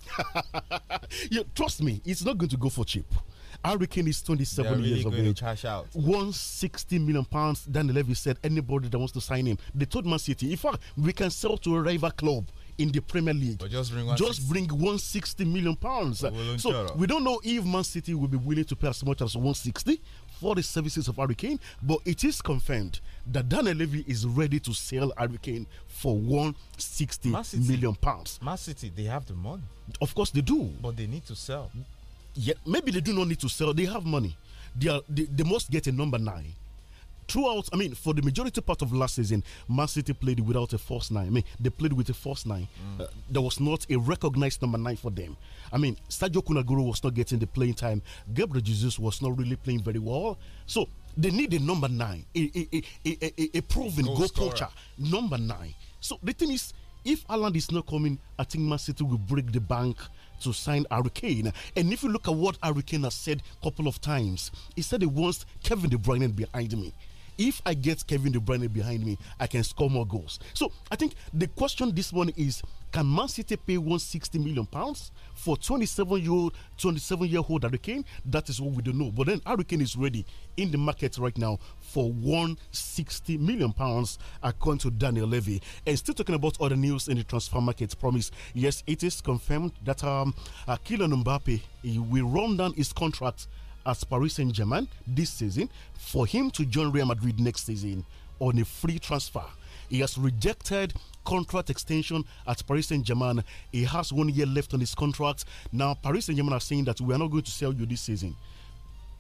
you, trust me, it's not going to go for cheap. Harry Kane is 27 really years of age. Cash out. 160 million pounds. Daniel Levy said anybody that wants to sign him. They told Man City, in fact, we can sell to a rival club in the Premier League. But just bring, just bring 160 million pounds. So we don't know if Man City will be willing to pay as much as 160 for the services of Hurricane, but it is confirmed that Daniel Levy is ready to sell Hurricane for 160 million pounds. Man City, they have the money. Of course they do. But they need to sell. Yeah, maybe they do not need to sell. They have money. They are they, they must get a number nine throughout, I mean, for the majority part of last season, Man City played without a false nine. I mean, they played with a false nine. Mm. Uh, there was not a recognized number nine for them. I mean, Sergio Kunaguru was not getting the playing time. Gabriel Jesus was not really playing very well. So they need a number nine, a, a, a, a proven goal, goal poacher, number nine. So the thing is, if Alan is not coming, I think Man City will break the bank to sign Kane. And if you look at what Kane has said a couple of times, he said he wants Kevin De Bruyne behind me if I get Kevin De Bruyne behind me, I can score more goals. So I think the question this morning is can Man City pay 160 million pounds for 27 year old 27 year old Harry Kane? That is what we don't know. But then Harry Kane is ready in the market right now for 160 million pounds according to Daniel Levy. And still talking about other news in the transfer market promise. Yes, it is confirmed that um uh, Kylian Mbappe will run down his contract as Paris Saint Germain this season for him to join Real Madrid next season on a free transfer. He has rejected contract extension at Paris Saint Germain. He has one year left on his contract. Now, Paris Saint Germain are saying that we are not going to sell you this season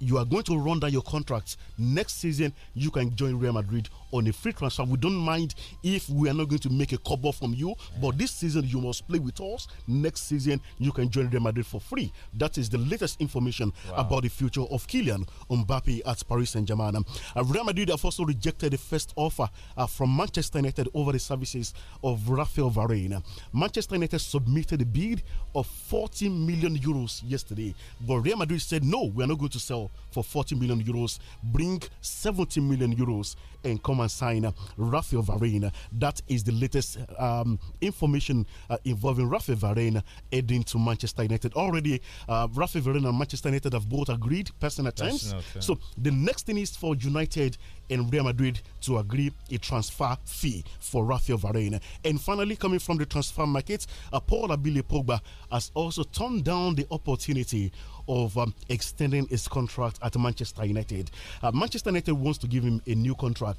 you are going to run down your contract next season, you can join Real Madrid on a free transfer. We don't mind if we are not going to make a cover from you, but this season you must play with us. Next season, you can join Real Madrid for free. That is the latest information wow. about the future of Kylian Mbappe at Paris Saint Germain. Uh, Real Madrid have also rejected the first offer uh, from Manchester United over the services of Rafael Varane. Manchester United submitted a bid of 40 million euros yesterday, but Real Madrid said no, we are not going to sell for 40 million euros, bring 70 million euros and come and sign uh, Rafael Varane. That is the latest um, information uh, involving Rafael Varane heading to Manchester United. Already, uh, Rafael Varane and Manchester United have both agreed personal terms. So the next thing is for United and Real Madrid to agree a transfer fee for Rafael Varane. And finally, coming from the transfer market, uh, Paul Abile Pogba has also turned down the opportunity of um, extending his contract at Manchester United. Uh, Manchester United wants to give him a new contract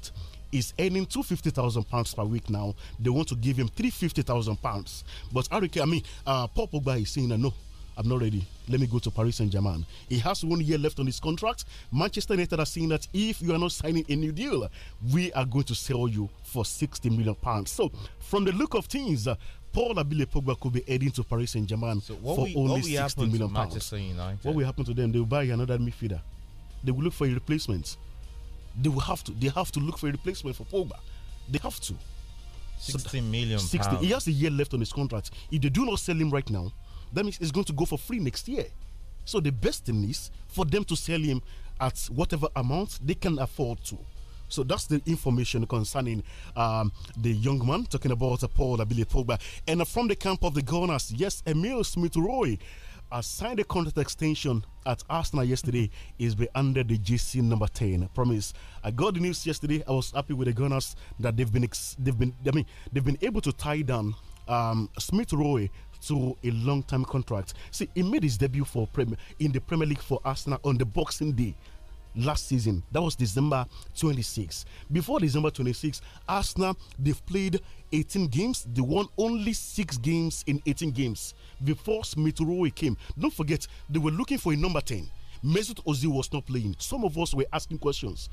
is earning two fifty thousand pounds per week now. They want to give him three fifty thousand pounds. But Harry, I mean, uh, Paul Pogba is saying, "No, I'm not ready. Let me go to Paris Saint Germain. He has one year left on his contract. Manchester United are saying that if you are not signing a new deal, we are going to sell you for 60 million pounds. So, from the look of things, uh, Paul Abile Pogba could be heading to Paris Saint Germain so for we, only 60 million pounds. What will happen to them? They will buy another midfielder. They will look for a replacement they will have to they have to look for a replacement for Pogba. They have to. Sixty million. So He has a year left on his contract. If they do not sell him right now, that means he's going to go for free next year. So the best thing is for them to sell him at whatever amount they can afford to. So that's the information concerning um, the young man talking about uh, Paul Abile Pogba. And uh, from the camp of the Gunners, yes, Emil Smith Roy has signed a contract extension at Arsenal yesterday. Is under the GC number ten. I promise. I got the news yesterday. I was happy with the Gunners that they've been they've been I mean they've been able to tie down um, Smith Rowe to a long-term contract. See, he made his debut for Premier in the Premier League for Arsenal on the Boxing Day last season. That was December 26. Before December 26, Arsenal, they've played 18 games. They won only six games in 18 games before Smith-Rowe came. Don't forget, they were looking for a number 10. Mesut Ozil was not playing. Some of us were asking questions.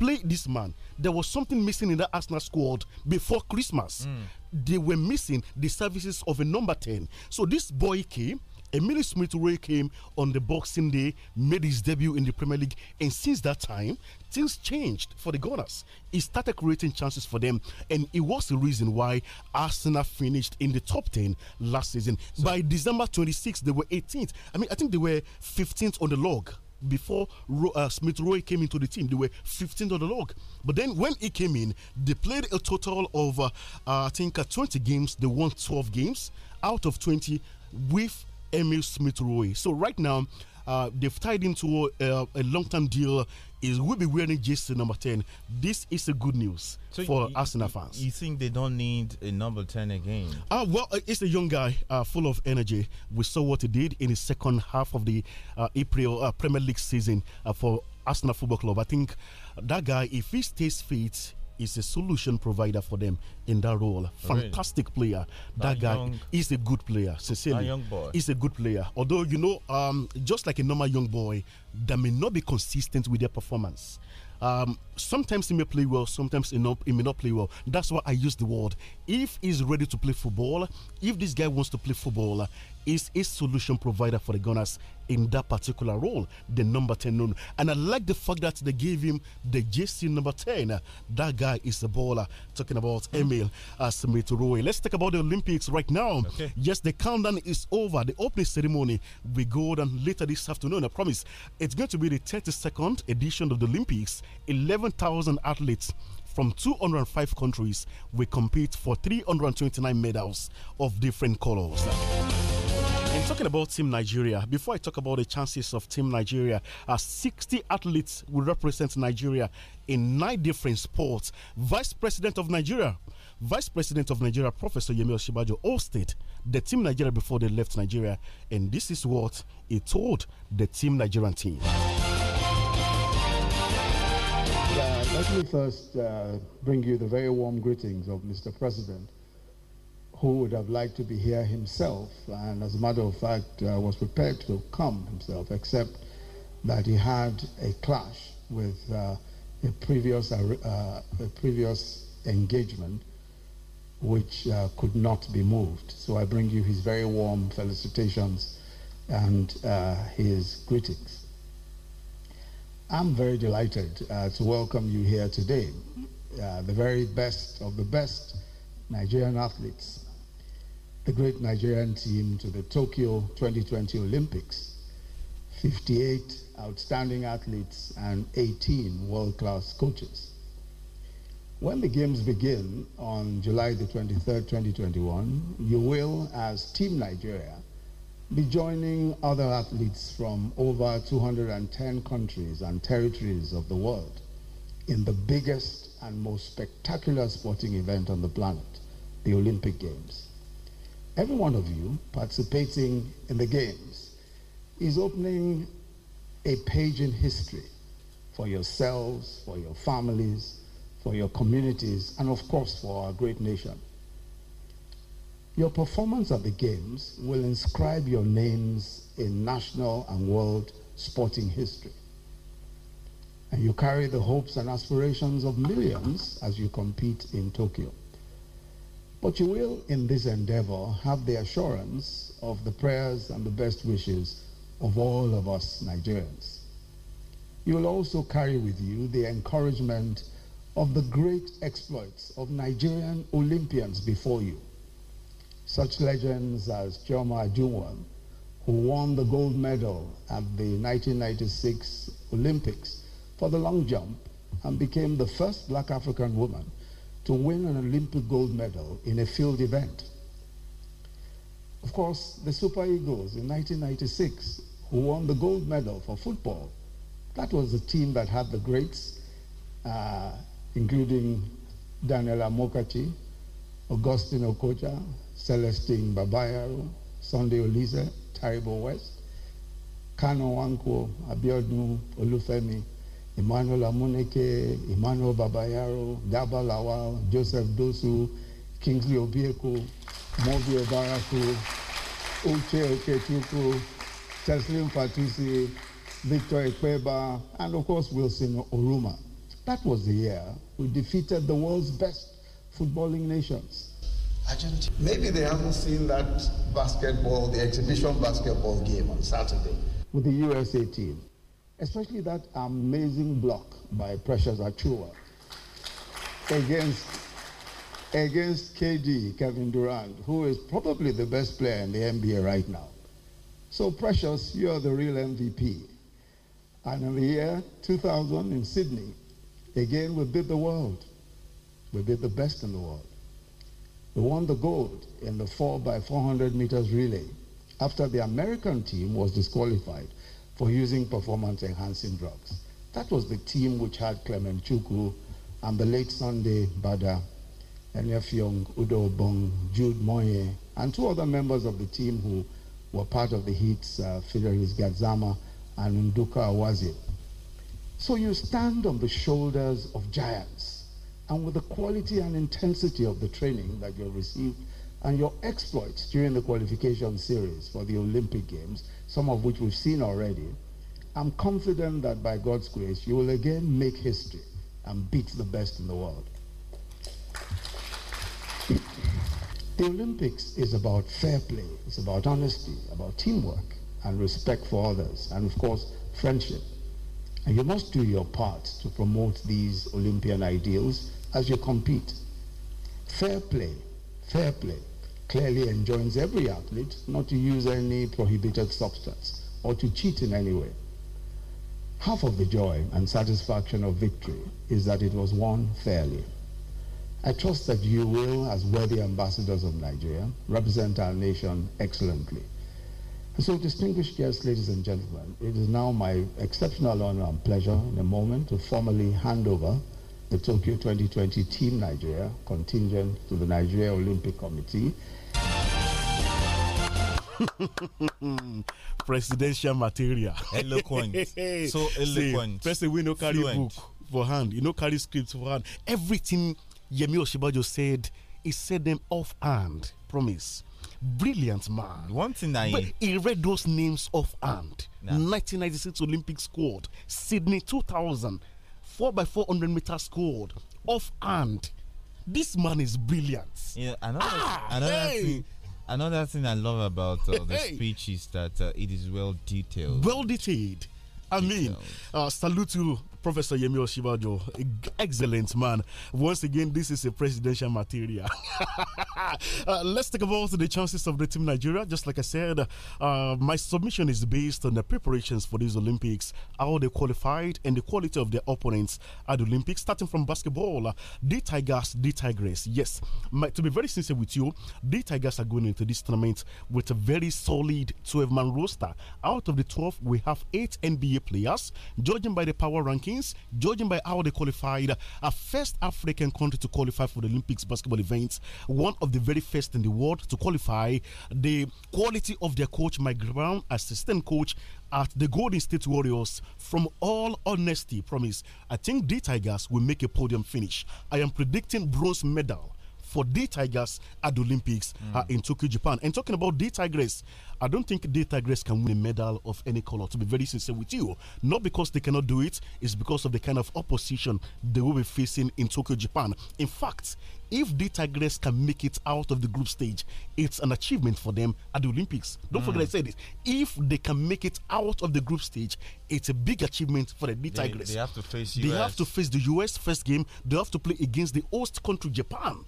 Play this man. There was something missing in that Arsenal squad before Christmas. Mm. They were missing the services of a number 10. So this boy came Emily Smith Roy came on the Boxing Day, made his debut in the Premier League, and since that time, things changed for the Gunners. He started creating chances for them, and it was the reason why Arsenal finished in the top 10 last season. So By December 26th, they were 18th. I mean, I think they were 15th on the log before uh, Smith Roy came into the team, they were 15 on the log. But then when he came in, they played a total of, uh, uh, I think, uh, 20 games. They won 12 games out of 20 with Emil Smith Roy. So right now, uh, they've tied him to a, uh, a long-term deal. Is will be wearing jersey number ten. This is a good news so for you, Arsenal fans. You think they don't need a number ten again? Uh, well, uh, it's a young guy, uh, full of energy. We saw what he did in the second half of the uh, April uh, Premier League season for Arsenal Football Club. I think that guy, if he stays fit, is a solution provider for them in that role. Fantastic really? player. That, that guy young, is a good player. Sincerely, young boy. is a good player. Although, you know, um, just like a normal young boy, that may not be consistent with their performance. Um, sometimes he may play well, sometimes he, not, he, may not play well. That's why I use the word. If he's ready to play football, if this guy wants to play football, is a solution provider for the Gunners in that particular role, the number 10 known. And I like the fact that they gave him the JC number 10. That guy is a baller. Talking about Emil Asmituroe. Let's talk about the Olympics right now. Okay. Yes, the countdown is over. The opening ceremony we go on later this afternoon. I promise it's going to be the 32nd edition of the Olympics. 11,000 athletes from 205 countries will compete for 329 medals of different colors. Talking about Team Nigeria, before I talk about the chances of Team Nigeria, uh, 60 athletes will represent Nigeria in nine different sports. Vice President of Nigeria, Vice President of Nigeria, Professor Yemi Oshibajo, hosted the Team Nigeria before they left Nigeria, and this is what he told the Team Nigerian team. let me first uh, bring you the very warm greetings of Mr. President who would have liked to be here himself, and as a matter of fact, uh, was prepared to come himself, except that he had a clash with uh, a previous uh, uh a previous engagement, which uh, could not be moved. So I bring you his very warm felicitations and uh, his greetings. I'm very delighted to welcome you here today, the very best of the best Nigerian athletes the great Nigerian team to the Tokyo 2020 Olympics. 58 outstanding athletes and 18 world-class coaches. When the games begin on July the 23rd, 2021, you will, as Team Nigeria, be joining other athletes from over 210 countries and territories of the world in the biggest and most spectacular sporting event on the planet, the Olympic Games every one of you participating in the Games is opening a page in history for yourselves, for your families, for your communities, and of course for our great nation. Your performance at the Games will inscribe your names in national and world sporting history. And you carry the hopes and aspirations of millions as you compete in Tokyo. But you will, in this endeavor, have the assurance of the prayers and the best wishes of all of us Nigerians. You will also carry with you the encouragement of the great exploits of Nigerian Olympians before you. Such legends as Chioma Ajunwan, who won the gold medal at the 1996 Olympics for the long jump and became the first black African woman to win an Olympic gold medal in a field event. Of course, the Super Eagles in 1996, who won the gold medal for football, that was the team that had the greats, uh, including Daniela Mokachi, Augustine Okocha, Celestine Babayaro, Sunday Olise, Taribo West, Kano Wanko, Abiodun Olufemi, Emmanuel Amuneke, Emmanuel Babayaro, Daba Lawal, Joseph Dosu, Kingsley Obieko, Mobi Obaraku, Uche Okechuku, Cheslin Fatisi, Victor Ekweba, and of course Wilson Oruma. That was the year we defeated the world's best footballing nations. Maybe they haven't seen that basketball, the exhibition basketball game on Saturday. With the USA team especially that amazing block by Precious Achua against against KD, Kevin Durant, who is probably the best player in the NBA right now. So Precious, you're the real MVP. And in the year 2000 in Sydney, again we beat the world. We beat the best in the world. We won the gold in the 4 by 400 meters relay after the American team was disqualified for using performance enhancing drugs. That was the team which had Clement Chuku and the late Sunday Bada, Enyefiong Udo Bong, Jude Moye, and two other members of the team who were part of the hits, uh, Fidelis Gazama and Nduka Awazi. So you stand on the shoulders of giants, and with the quality and intensity of the training that you received and your exploits during the qualification series for the Olympic Games, some of which we've seen already, I'm confident that by God's grace, you will again make history and beat the best in the world. The Olympics is about fair play, it's about honesty, about teamwork, and respect for others, and of course, friendship. And you must do your part to promote these Olympian ideals as you compete. Fair play, fair play clearly enjoins every athlete not to use any prohibited substance or to cheat in any way. Half of the joy and satisfaction of victory is that it was won fairly. I trust that you will, as worthy ambassadors of Nigeria, represent our nation excellently. And so, distinguished guests, ladies and gentlemen, it is now my exceptional honor and pleasure in a moment to formally hand over the Tokyo 2020 Team Nigeria contingent to the Nigeria Olympic Committee presidential material. Eloquent. so eloquent. See, person we no carry Fluent. book for hand, you know carry script for hand. Everything Yemi Oshibajo said, he said them offhand. Promise. Brilliant man. One thing I he read those names offhand. Nah. 1996 Olympic squad, Sydney 2000, 4 by 400 meter squad, offhand. This man is brilliant. Yeah, another, ah, another hey. thing Another thing I love about uh, the hey. speech is that uh, it is well detailed. Well detailed. I detailed. mean, uh, salute to Professor Yemi Oshibajo, excellent man. Once again, this is a presidential material. uh, let's take a vote to the chances of the team Nigeria. Just like I said, uh, my submission is based on the preparations for these Olympics, how they qualified, and the quality of their opponents at the Olympics. Starting from basketball, uh, the Tigers, the Tigress. Yes, my, to be very sincere with you, the Tigers are going into this tournament with a very solid 12 man roster. Out of the 12, we have eight NBA players. Judging by the power ranking, judging by how they qualified, a first African country to qualify for the Olympics basketball events, one of the very first in the world to qualify. The quality of their coach, Mike Brown, assistant coach at the Golden State Warriors, from all honesty, promise, I think the Tigers will make a podium finish. I am predicting bronze medal for the Tigers at the Olympics mm. uh, in Tokyo, Japan. And talking about the Tigers, I don't think the Tigers can win a medal of any color, to be very sincere with you. Not because they cannot do it, it's because of the kind of opposition they will be facing in Tokyo, Japan. In fact, if the Tigers can make it out of the group stage, it's an achievement for them at the Olympics. Don't mm. forget I said this. If they can make it out of the group stage, it's a big achievement for the Tigers. They, they have to face US. They have to face the US first game. They have to play against the host country, Japan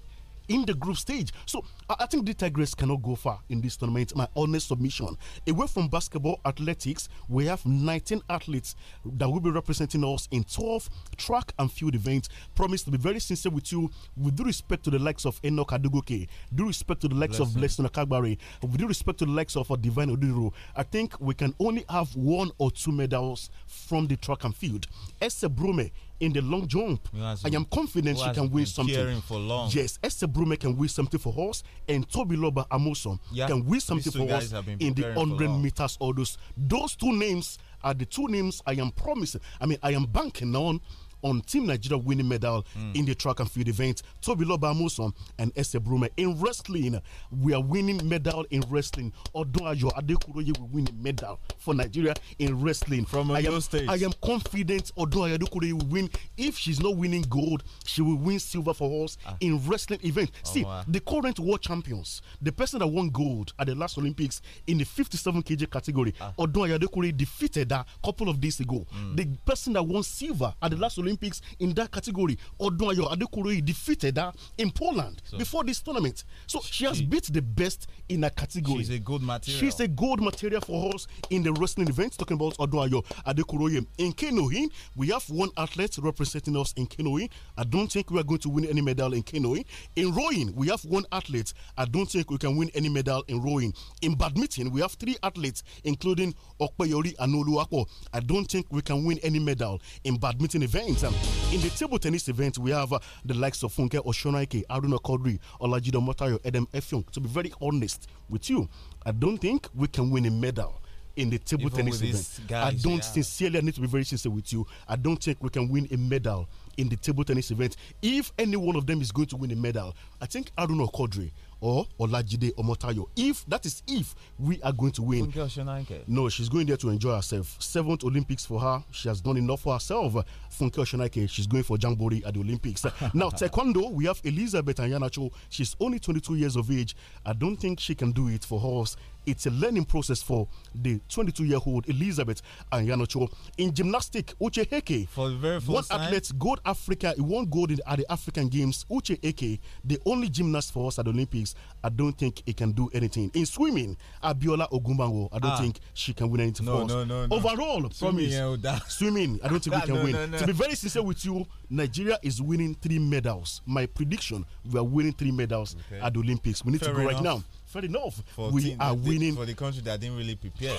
in the group stage. So I, think the Tigers cannot go far in this tournament. My honest submission. Away from basketball, athletics, we have 19 athletes that will be representing us in 12 track and field events. Promise to be very sincere with you, with due respect to the likes of Enoch Adugoke, due respect to the likes Bless of Blessing Akagbare, with due respect to the likes of Divine Oduro, I think we can only have one or two medals from the track and field. Esther Brume in the long jump. I am confident she can win something. For long. Yes, Esther Brume can win something for us, and Toby Loba Amoson yeah. can win something for us in the 100 meters those, Those two names are the two names I am promising. I mean, I am banking on on Team Nigeria winning medal mm. in the track and field event. Toby Loba Muson and Esther Brume. In wrestling, we are winning medal in wrestling. Odonayo Adekuroye will win a medal for Nigeria in wrestling. From I am, stage, I am confident Odonayo Adekuroye will win. If she's not winning gold, she will win silver for us ah. in wrestling event. Oh, See, wow. the current world champions, the person that won gold at the last Olympics in the 57 kg category, ah. Odonayo Adekuroye defeated her a couple of days ago. Mm. The person that won silver at the last Olympics Olympics in that category. Odunayo Adekunroyi defeated her in Poland so before this tournament. So she, she has beat the best in her category. She's a gold material. She's a gold material for us in the wrestling event. Talking about Odunayo Adekunroyi in canoeing, we have one athlete representing us in canoeing. I don't think we are going to win any medal in canoeing. In rowing, we have one athlete. I don't think we can win any medal in rowing. In badminton, we have three athletes, including Okpeyori and Oluwapo. I don't think we can win any medal in badminton event in the table tennis event, we have uh, the likes of Funke Oshonaike, Aruna Kodri, Olajido Motayo, Edem Effiong. To be very honest with you, I don't think we can win a medal in the table Even tennis event. Guys, I don't yeah. sincerely, I need to be very sincere with you. I don't think we can win a medal in the table tennis event. If any one of them is going to win a medal, I think Aruna Kodri or Olajide Omotayo. If that is if we are going to win. No, she's going there to enjoy herself. Seventh Olympics for her. She has done enough for herself. Funke Oshinaike. she's going for Jambori at the Olympics. now, Taekwondo, we have Elizabeth Anyanacho. She's only 22 years of age. I don't think she can do it for us it's a learning process for the 22 year old Elizabeth Anyanocho. In gymnastics, Uche Heke, for the very first one time. athlete, gold Africa, he won gold in, at the African Games. Uche Heke, the only gymnast for us at the Olympics, I don't think he can do anything. In swimming, Abiola Ogumbango, I don't ah. think she can win anything no, for us. No, no, no. Overall, swimming, promise, yeah, swimming, I don't think we can no, win. No, no. To be very sincere with you, Nigeria is winning three medals. My prediction, we are winning three medals okay. at the Olympics. We need Fair to go enough. right now fair enough. For we are winning for the country that didn't really prepare.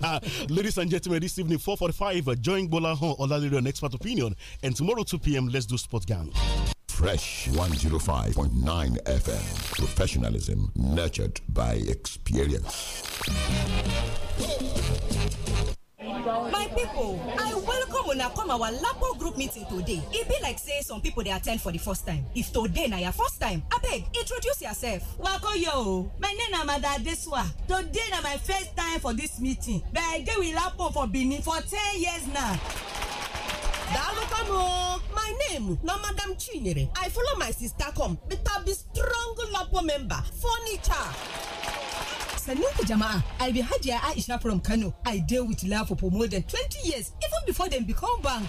Ladies and gentlemen, this evening 4:45, uh, join Bola Hon Olalere on Expert Opinion, and tomorrow 2 p.m. Let's do Sport Gang. Fresh 105.9 FM. Professionalism nurtured by experience my people, i welcome I come our lapo group meeting today It be like say some people they attend for the first time if today na your first time I beg introduce yourself. Wako yo, my name is mada adesuwa today na my first time for this meeting but i dey with lapo for benin for ten years now. daalụkwanụ my name na madam chinyere i follow my sister come but I be strong lapo member furniture sannin jama'a i be hajiya aisha from kano i deal with love for more than twenty years even before they become bank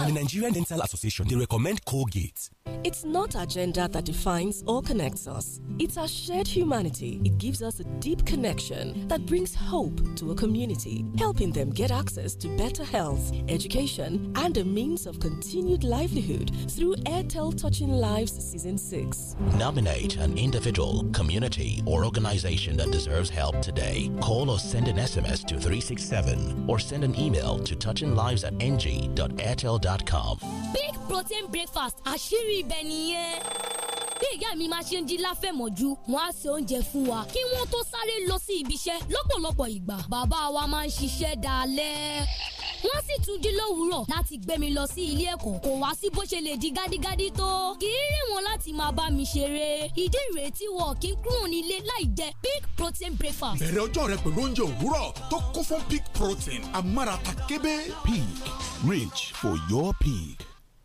now, the Nigerian Dental Association, they recommend Colgate. It's not our gender that defines or connects us. It's our shared humanity. It gives us a deep connection that brings hope to a community, helping them get access to better health, education, and a means of continued livelihood through Airtel Touching Lives Season 6. Nominate an individual, community, or organization that deserves help today. Call or send an SMS to 367 or send an email to touchinglives at ng.airtel.com Big Protein Breakfast àṣírí ibẹ̀ nìyẹn bí ìyá mi máa ṣe ń jí láfẹ̀mọ́jú wọ́n á se oúnjẹ fún wa kí wọ́n tó sáré lọ sí ibi iṣẹ́ lọ́pọ̀lọpọ̀ ìgbà bàbá wa máa ń ṣiṣẹ́ dalẹ́ wọ́n sì tún jí lówùúrọ̀ láti gbé mi lọ sí ilé ẹ̀kọ́ kò wá sí bó ṣe lè di gádígádí tó kì í rìn wọn láti máa bá mi ṣeré ìdí ìrètí wọ kí n kúrò nílé láì jẹ big protein breakfast. bẹ̀rẹ̀ ọjọ́ rẹ pẹ̀lú oúnjẹ òwúrọ̀ tó kún fún big protein amárata kébé. pig. rich for your pig.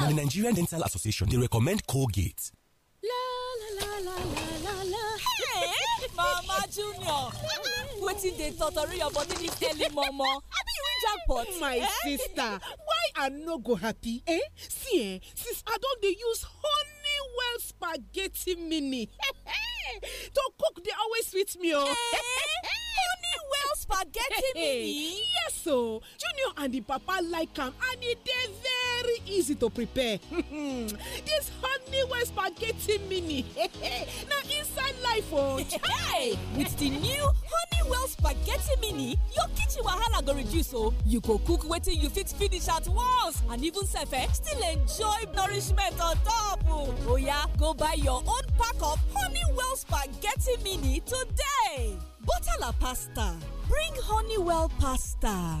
Now, the Nigerian Dental Association, they recommend Colgate. La, la, la, mama junior What wetin dey totori your body dis early Mama? abi you win jackpot. Oh my eh? sister why i no go happy eh see eh since i don dey use honeywell spaghetti mini to cook dey always sweet me o. Oh. Eh? honeywell spaghetti mini. yes o junior and the papa like am and e dey very easy to prepare. this honeywell spaghetti mini na inside life o. Oh, chai with the new honeywell spaghetti mini your kitchen wahala go reduce o. Oh. you go cook wetin you fit finish at once and even sef eh, still enjoy nourishment on top Oh yeah, go buy your own pack of honeywell Honeywell Spaghetti Mini today. Butter pasta. Bring Honeywell pasta.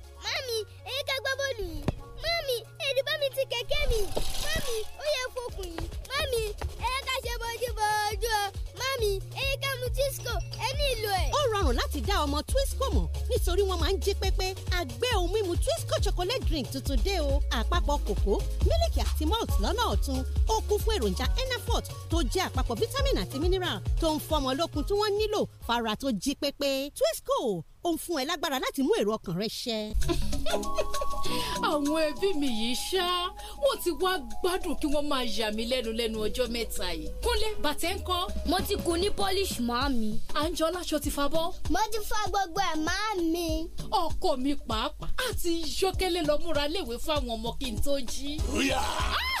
Mami, èyí ká gbá bọ́ọ̀lù yìí. Mami, èdè bá mi ti kẹ̀kẹ́ mi. Mami, ó yẹ fokùn yìí. Mami, èyí ká ṣe bójúbójú o. Mami, èyí ká mu Twisco, ẹ nílò ẹ̀. Ó rọrùn láti dá ọmọ Twisco mọ̀ nítorí wọ́n máa ń jí pépé. Àgbẹ̀ ohun mímu Twisco chocolate drink tuntun dé o. Àpapọ̀ kòkó, mílìkì àti malt lọ́nà ọ̀tun. Ó kún fún èròjà Enafort tó jẹ́ àpapọ̀ vitamin àti mineral tó ń fọmọ lókun tí wọ́n nílò fara tó jí pépé. Twisco ó ń fún ẹ lágbára láti mú èrò ọkàn rẹ ṣẹ. àwọn ẹbí mi yìí ṣá wọn ti wá gbádùn kí wọ́n máa yà mí lẹ́nu lẹ́nu ọjọ́ mẹ́ta yìí. kúnlé bàtẹ́ ń kọ́. mo ti kun ní polish máa mi. àǹjọ́ láṣọ ti fa bọ́. mo ti fa gbogbo ẹ̀ máa mi. ọkọ mi pàápàá àti yọkẹ́lẹ́ lọ múra léwe fáwọn ọmọ kí n tó jí. ríà. Ah!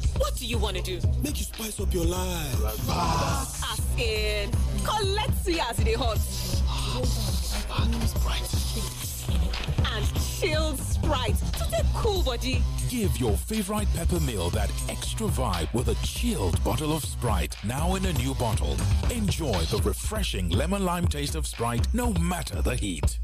What do you want to do? Make you spice up your life. Like Bass. As collect see as it hot. And chilled Sprite to the cool body. Give your favorite pepper meal that extra vibe with a chilled bottle of Sprite now in a new bottle. Enjoy the refreshing lemon lime taste of Sprite no matter the heat.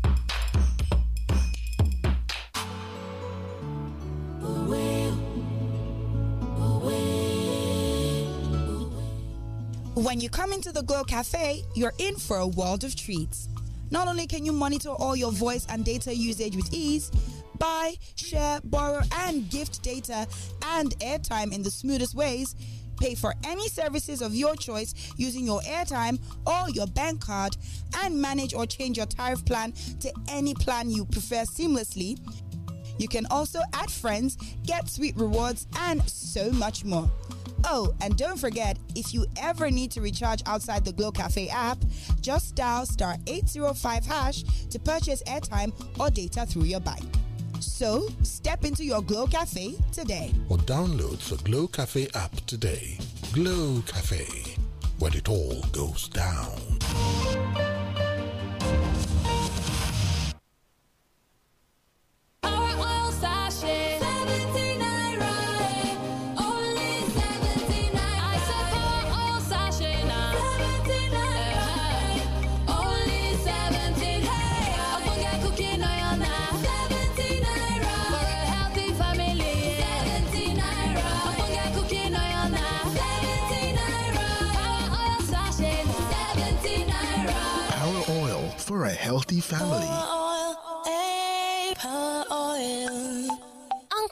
When you come into the Glow Cafe, you're in for a world of treats. Not only can you monitor all your voice and data usage with ease, buy, share, borrow, and gift data and airtime in the smoothest ways, pay for any services of your choice using your airtime or your bank card, and manage or change your tariff plan to any plan you prefer seamlessly you can also add friends, get sweet rewards, and so much more. Oh, and don't forget, if you ever need to recharge outside the Glow Cafe app, just dial star 805 hash to purchase airtime or data through your bike. So, step into your Glow Cafe today. Or download the Glow Cafe app today. Glow Cafe, where it all goes down. we are a healthy family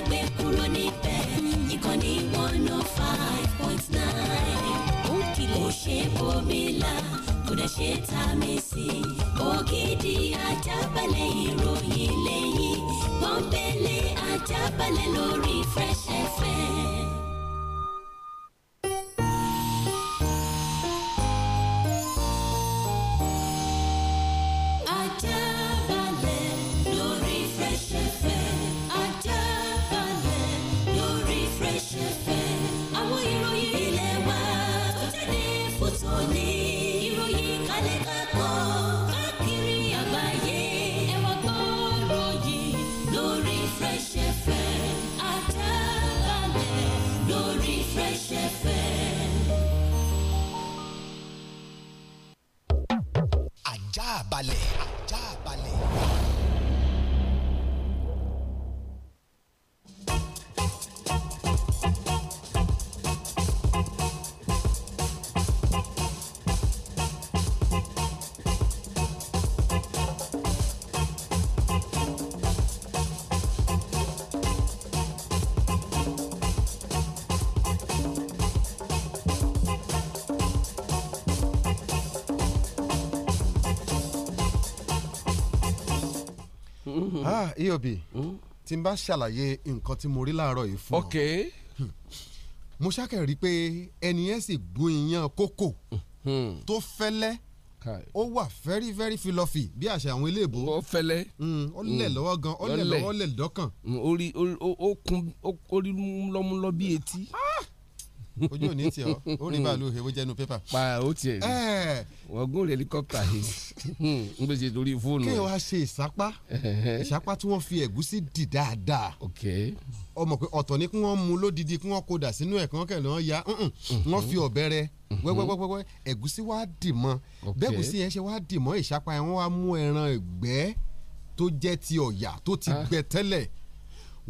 má gbé kúrò níbẹ̀ ìkànnì one oh five point nine. ó kìlọ̀ ṣe bomi la ṣe ta mi sí. ògidì ajábalẹ̀ ìròyìn lẹ́yìn pọ́npẹ́lẹ́ ajábalẹ̀ lórí fresh air. eob hmm? tí n bá ṣàlàyé nǹkan tí mo rí láàárọ̀ yìí fún ọ mo ṣàkẹ́ rí i pé ẹni yẹn sì gún iyán kókò hmm. tó fẹ́lẹ́ ó wà very very fluffy bí àṣà àwọn eléèbó ó fẹ́lẹ́ hmm, ó lẹ̀ lọ́wọ́ gan ó lẹ̀ lọ́wọ́ lẹ̀ dọ́kàn. ó kún ó rí bí etí. Ah! ojú ò ní tiẹ̀ ó rí bàálù èwo jẹ́nu pépà. pa ó tiẹ̀ ní wọ́n gún hẹlikọ́pítà yìí n bẹ ṣe torí fóònù. kí wàá ṣe ìsápá ìsápá tí wọ́n fi ẹ̀gúsí dì dáadáa. ok ọmọ pé ọ̀tọ̀ ni kí wọ́n mú lódìdí kí wọ́n kodà sínú ẹ̀ kí wọ́n kẹ̀lé wọn ya mhm. wọ́n fi ọ̀bẹ rẹ mhm. wẹ́wẹ́wẹ́wẹ́ ẹ̀gúsí wàá dì mọ́ bẹ́ẹ̀gúsí yẹn ṣe wàá dì mọ́ ìsápá yẹn wọ́n wá mú ẹran ẹ̀gbẹ́ tó jẹ́ ti ọ̀yà tó ti ah. gbẹ tẹ́lẹ̀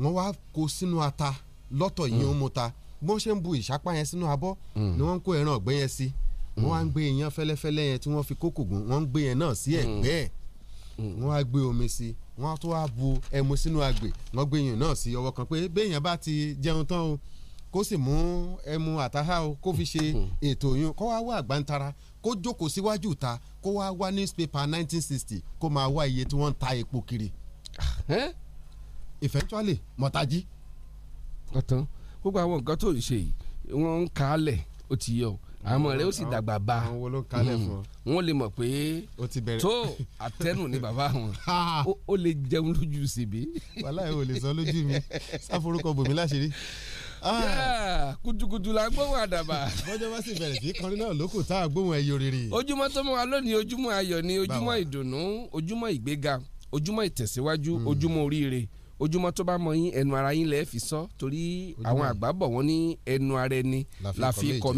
wọ́n wá kó sínú ata lọ́tọ̀ yìí ó mhm. mú ta. Mm bó ṣe ń bu ìṣápá yẹn sínú abọ́ hmm. ni wọ́n ń kó ẹran ọ̀gbẹ́ yẹn sí hmm. wọ́n wá ń gbé iyán fẹ́lẹ́fẹ́lẹ́ yẹn tí wọ́n fi kókò gùn wọ́n ń gbé yẹn náà sí hmm. ẹ̀gbẹ́ ẹ̀ wọ́n á gbé omi sí wọ́n á tó wá bu ẹmu sínú agbè wọ́n gbé yẹn náà sí ọwọ́ kan pé béèyàn bá ti jẹun tán o kó sì mú ẹmu àtàhà o kó fi ṣe ètò yun kó wá wá àgbántara kó jókòó síwájú ta kó wá wá newspaper nineteen sixty kó máa wá iye tí wọ́n ń ta epo kiri ah, eventually mọ̀tájí. ọ̀tán gbogbo àwọn nǹkan tó ń ṣe yìí wọ́n ń kalẹ̀ ó ti yọ àmọ́ rẹ̀ ó sì dàgbà bá hmm. wọ́n lè mọ̀ pé tó àtẹnu ni bàbá wọn ó lè jẹun lójú síbi. wàláhì ò lè sọ lójú mi sáforúkọ bòmí láṣìírí ah. kutukutu la gbóhùn àdàbà. bọ́jọ́ bá sì bẹ̀rẹ̀ kí kọrin náà lókù tá a gbóhùn ẹyọ rírì. ojúmọ́ tó mọ́ wa lónìí ojúmọ́ ayọ̀ ni ojúmọ́ ìdùnnú ojúmọ́ ìgbéga ojúmọ́ ìtẹ̀síwájú hmm. ojúmọ́ oríire ojúmọ́ tó bá mọ yín ẹnu ara yín lẹ́ẹ̀ fi sọ torí àwọn àgbà bọ̀ wọ́n ní ẹnu ara ẹni la fi kọ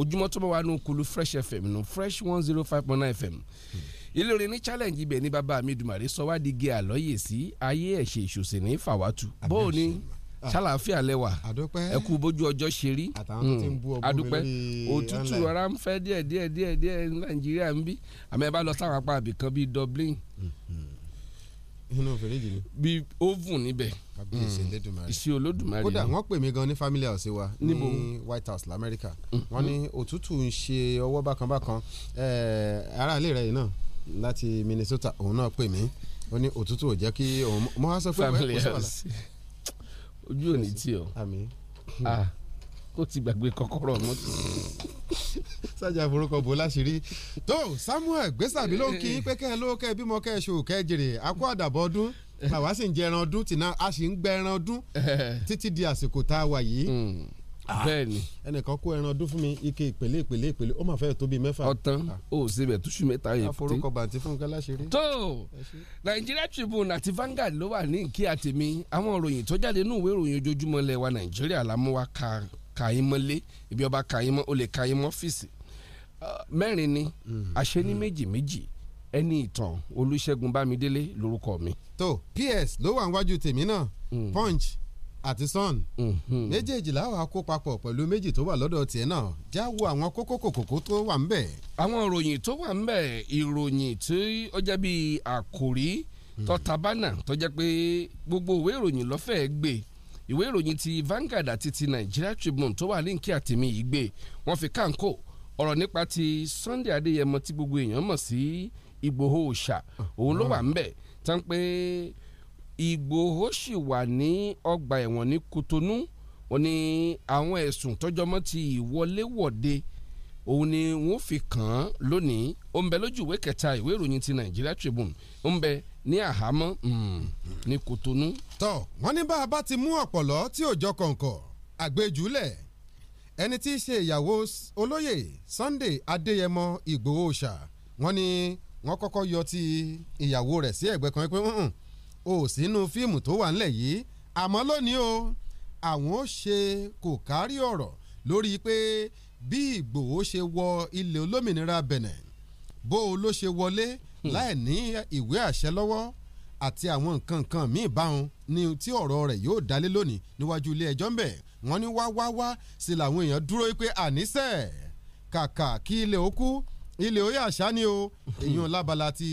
ojúmọ́ tó bá wà nù kulu fresh fm nù fresh one zero five point nine fm hmm. ilé orin ní challenge ibẹ̀ ní bàbá mi dùmàrè sọ wá di gé àlọ́yè sí ayé ẹ̀ṣẹ̀ ìṣòsì ní fàwátù bóò ni ah. ṣàlàáfíà lẹ́wà ẹ kú bójú ọjọ́ ṣe rí adúpẹ́ òtútù ara ń fẹ́ díẹ̀ díẹ̀ díẹ̀ ní nàìjíríà ń bí àmọ́ ẹ bá lọ sáwọn apá àbìkan bíi dublin hmm, hmm inú fèrèjì ni. bí oven níbẹ̀. kábíyèsí hmm. elédùnmarè iṣẹ́ olódùmarè. kódà wọ́n pè mí gan ní family house wa ní White House lamẹ́ríkà hmm. wọ́n ní òtútù ń ṣe ọwọ́ bákanbákan ará ilé rẹ̀ yìí náà láti Minnesota òun náà pè mí ó ní òtútù ò jẹ́ kí òun mọ́ wá sọ pé wẹ́ẹ́ kó sọ̀rọ̀. ojú ò ní tì ọ́. àmín. ah ó ti gbàgbé kọ́kọ́rọ́ mọ́tò. sájà forúkọ bò láṣìírí tó Samuel gbèsàbí ló ń kí pé kẹ́ ẹ ló kẹ́ ẹ bímọ kẹ́ ẹ ṣe òkẹ́ jèrè akó àdàbọ̀ ọdún àwa sì ń jẹ ẹran ọdún tìǹà a sì ń gbẹ ẹran ọdún títí di àsìkò tá a wà yìí hmm. ah, bẹ́ẹ̀ni ẹnìkan kó ẹran ọdún fún mi ike ìpele ìpele ìpele ó mà fẹ́ tó bíi mẹ́fà. ọ̀tán ah. ó sì bẹ̀ túṣu mẹ́ta yìí tí. àforúkọ bàǹtí fún kẹ́lá ṣeré. tó nàìjíríà tribune àti Vanguard ló wà ní ìkí àtẹ̀mí àwọn ìròyìn tó jáde ní ìwé ìròyìn ojoojúmọ́ lẹ̀ nàìjíríà la ka kà yín mọ́ lé ibi ọba kà yín mọ́ o lè kà yín mọ́ ọ́fíìsì ah, mẹ́rin ni hmm. àṣẹ ní méjì méjì ẹni ìtàn olùṣègùn bámidélé lórúkọ mi. tó ps ló wà níwájú tèmi náà hmm. punch àti sun hmm. méjèèjì láwọn akó papọ̀ pẹ̀lú méjì tó wà lọ́dọ̀ tiẹ̀ náà já wo àwọn kókó kòkòkò tó wà ń bẹ̀. àwọn ìròyìn tó wà ń bẹ̀ ìròyìn tí ó jẹ́ bíi àkòrí tọ́tabánà tó jẹ́ pé gbogbo ìwé ìròyìn lọ́fẹ̀ẹ́ gbé ìwé ìròyìn ti Vanguard àti ti Nigeria Tribune tó wà líǹkì àtìmí yìí gbé wọ́n fi káńkò ọ̀rọ̀ nípa ti Sunday Adéyẹmọ tí gbogbo èèyàn mọ̀ sí Ìgbòho òòṣà òun ló wà mm. ńbẹ̀ tán pé Ìgbòho sì wà ní ọgbà ẹ̀wọ̀n ní Kotonu ó ní àwọn ẹ̀sùn tọ́jọ́mọ́ ti ìwọléwọ̀de òun ni wọ́n fi kàn án lónìí ó bẹ lójú ìwé kẹta ìwé ìròyìn ti Nigeria Tribune ó bẹ ní àhámọ́ mm, ní Kòtónú. tọ́ wọ́n ní bá a bá ti mú ọ̀pọ̀lọ́ tí òjọ kọ̀ǹkọ̀ àgbéjúlẹ̀ ẹni tí í ṣe ìyàwó olóyè Sunday Adéyẹmọ Ìgbòho ṣà wọ́n ní wọ́n kọ́kọ́ yọ ti ìyàwó rẹ̀ sí ẹ̀gbẹ́ kan pé ó sínú fíìmù tó wà ńlẹ̀ yìí àmọ́ lónìí o àwọn ó ṣe kò kárí ọ̀rọ̀ lórí pé bí Ìgbòho ṣe wọ ilẹ̀ olómìnira Benin bó o ló ṣe wọlé Hmm. láì ní ìwé àṣẹ lọ́wọ́ àti àwọn nǹkan nǹkan míì báwọn ni tí ọ̀rọ̀ rẹ̀ yóò dálé lónìí níwájú ilé ẹjọ́ ń bẹ̀ wọ́n ní wá wá wá sí làwọn èèyàn dúró pé àníṣe kàkà kí ilé ó kú ilé ó yà ṣá ni o èèyàn hmm. lábala ti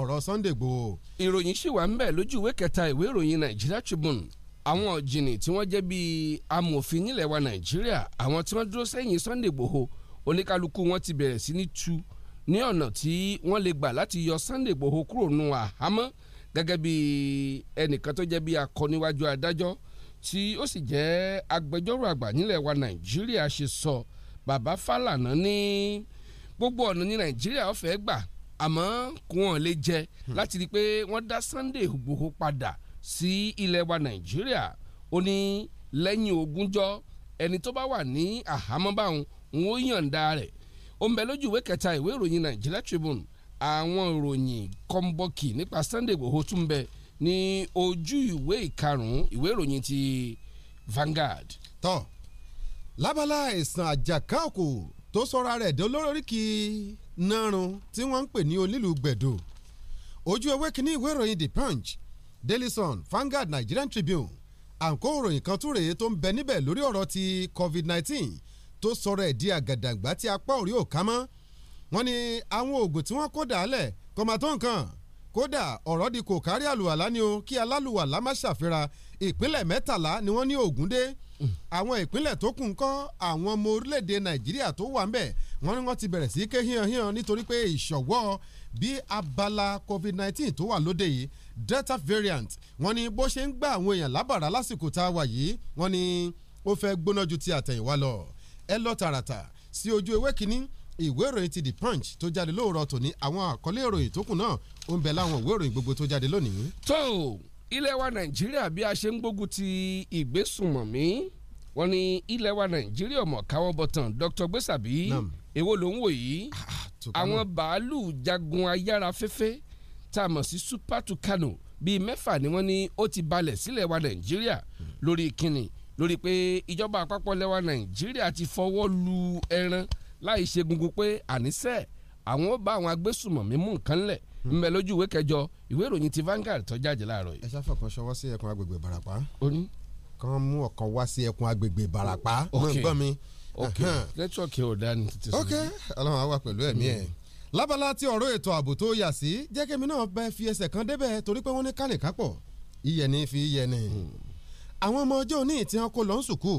ọ̀rọ̀ Sunday Igboho. ìròyìn ṣì wà ń bẹ̀ lójú ìwé kẹta ìwé ìròyìn Nigeria Tribune àwọn ọ̀jìnì tí wọ́n jẹ́ bíi amòfin nílẹ̀ wa Nàìjíríà àwọn tí wọ́n dúró sẹ́yìn Sunday Igboho oníkálukú wọn ti bẹ̀rẹ̀ sí ní tu ní ọ̀nà tí wọ́n lè gbà láti yọ Sunday Igboho kúrò nù àhámọ́ gẹ́gẹ́ bí ẹnìkan tó jẹ́ bí akọniwájú adájọ́ tí ó sì jẹ́ agbẹjọ́rò àgbà nílẹ̀ wa Nàìjíríà ṣe sọ bàbá Fálànà ní gbogbo ọ̀nà ní Nàìjíríà ó fẹ́ gbà àmọ́ kò wọ́n lè jẹ láti rí i pé wọ́n dá Sunday Igboho padà sí ilẹ̀ wa Nàìjíríà ó ní lẹ́yìn ogúnjọ́ ẹni tó bá wà ní àhámọ́ báwọn ń ó yàǹda rẹ̀ ó ń bẹ lójú ìwé kẹta ìwé ìròyìn Nigeria Tribune àwọn ìròyìn kọ́ńbọ́ọ̀kì nípa Sunday Igboho tún bẹ ní ojú ìwé ìkarùn-ún ìwé ìròyìn ti Vanguard. tán lábala ẹ̀sán àjàkáòkò tó sọra rẹ̀ dé olórí kì í narun tí wọ́n ń pè ní onílùú gbẹ̀dò ojú ewé kínní ìwé ìròyìn The Punch Daily Sun Vanguard Nigerian Tribune àǹkó ìròyìn kan tún rèé tó ń bẹ níbẹ̀ lórí ọ̀rọ̀ ti COVID-19 tó sọ̀rọ̀ ẹ̀ di àgàdàgbà tí apá òrí ò ká mọ́ wọ́n ní àwọn oògùn tí wọ́n kó dàálẹ̀ kò mà tó nǹkan kódà ọ̀rọ̀ di kò kárí àlùwàlá ni o kí alálùwàlá má ṣàfihàn ìpínlẹ̀ mẹ́tàlá ni wọ́n ní oògùn dé àwọn ìpínlẹ̀ tó kù ń kọ́ àwọn ọmọ orílẹ̀-èdè nàìjíríà tó wà ń bẹ̀ wọ́n ní wọ́n ti bẹ̀rẹ̀ sí ké híyanhíyan nítorí pé ìṣọ̀wọ́ bí abala covid-19 tó wà lóde yìí delta variant wọ́n ní bó ṣe ń gba àwọn èèyàn lábàrá lásìkò tá a wà yìí wọ́n ní ó fẹ́ gbóná ju ti àtẹ̀yìnwá lọ ẹ lọ tààràtà sí ojú ewé kínní ìwé ìròyìn ti The Punch tó jáde lóòrọ̀ tòní àwọn àkọlé ìròyìn tó kù náà ó ń bẹ láwọn ìwé ìròyìn gbogbo tó jáde lónìí. tó ilẹ̀ wa Nàìjíríà bí a ṣe ń gbógun ti ìgbésùnmọ̀mí wọ́n ní ilẹ̀ wa nàìjíríà ọmọ káwọ́ bọ̀tàn dr gbèsàbí èwo ló ń wò yìí ah, ah, àwọn bàálù jagun ayára fẹ́fẹ́ tá a mọ̀ sí super tucano bíi mẹ́fà ni wọ́n ní ó ti balẹ̀ sílẹ̀ wa nàìjíríà lórí kínní lórí pé ìjọba àpapọ̀ lẹwa nàìjíríà ti fọwọ́ lu ẹran láì ṣe gungun pé àníṣe àwọn ó bá àwọn agbésùmọ̀mí mú nǹkan lẹ̀ hmm. ńbẹ lójú ìwé kẹjọ ìwé ìròyìn ti Vanguard tó jáde láàárọ̀ yìí. ẹ ṣáfẹ́ kan ṣọwọ́ sí ẹkùn agbègbè Ìbàràpá kan mú ọkàn wá sí ẹkùn agbègbè Ìbàràpá mọ̀ ń gbọ́ mi. ok nẹ́tíwọ̀kì ò dá ní títí sọ. ok ọlọ́run á wà pẹ̀lú ẹ̀mí ẹ̀ hmm. lábala tí ọ̀rọ̀ ètò ààbò tó yà sí jẹ́kẹ́mi náà bẹ́ẹ̀ fi ẹsẹ̀ kan débẹ̀ torí pé wọ́n ní kánìkápọ̀ iyẹ̀ ní fi iyẹ̀ àwọn ọmọ ọjọ́ òní tí wọ́n kó lọ sùkú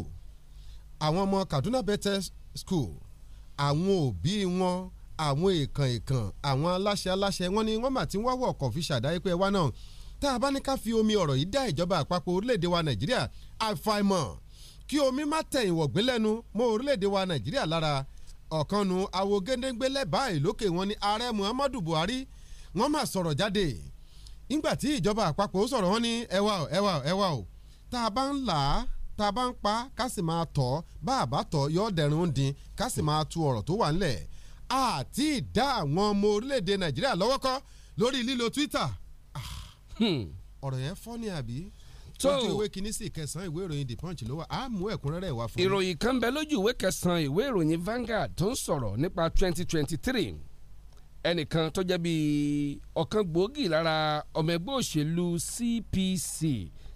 àwọn ọmọ Kaduna Bethel School àwọn òbí wọn àwọn èèkàn èèkàn àwọn aláṣẹ aláṣẹ wọn ni wọ́n mà ti ń wáwọ̀ ọkọ̀ fi ṣàdáyé pé wá náà tá a bá ní ká fi omi ọ̀rọ̀ yìí dá ìjọba àpapọ̀ orílẹ̀-èdè wa Nàìjíríà àfàìmọ̀ kí omi má tẹ̀ ìwọ̀gbé lẹ́nu mọ́ orílẹ̀ wa Nàìjíríà lára ọ̀kanu awogédéńgbé lẹ́bàá ìlókè wọn ni ààrẹ Muhammadu Buhari wọ́n mà sọ̀rọ̀ jáde nígbà tí ìjọba àpapọ̀ sọ̀rọ̀ wọn ní ẹwà ẹwà ẹwà o tá a bá ń là á tá a bá ń pa ká sì máa tọ̀ ọ́ bá a bá tọ̀ yọ dẹ̀rùn ó dín ká sì máa tu ọ̀rọ̀ tó wà ńlẹ̀ àti ìdá àwọn ọmọ orílẹ̀-èdè nàìjíríà lọ́wọ́ kọ́ lórí lílo twitter ah, hmm. ọ̀rọ̀ yẹn fọ́ ni àbí tó ojú ìwé kìíní sí ìkẹsàn-án ìwé ìròyìn the punch ló wà á mú ẹ̀kúnrẹ́rẹ́ ìwà fún mi. ìròyìn kan bẹ lójú ìwé kẹsàn-án ìwé ìròyìn Vanguard tó ń sọ̀rọ̀ nípa twenty twenty three ẹnìkan tó jẹ́ bíi ọ̀kan gbòógì lára ọmọ ẹgbẹ́ òṣèlú CPC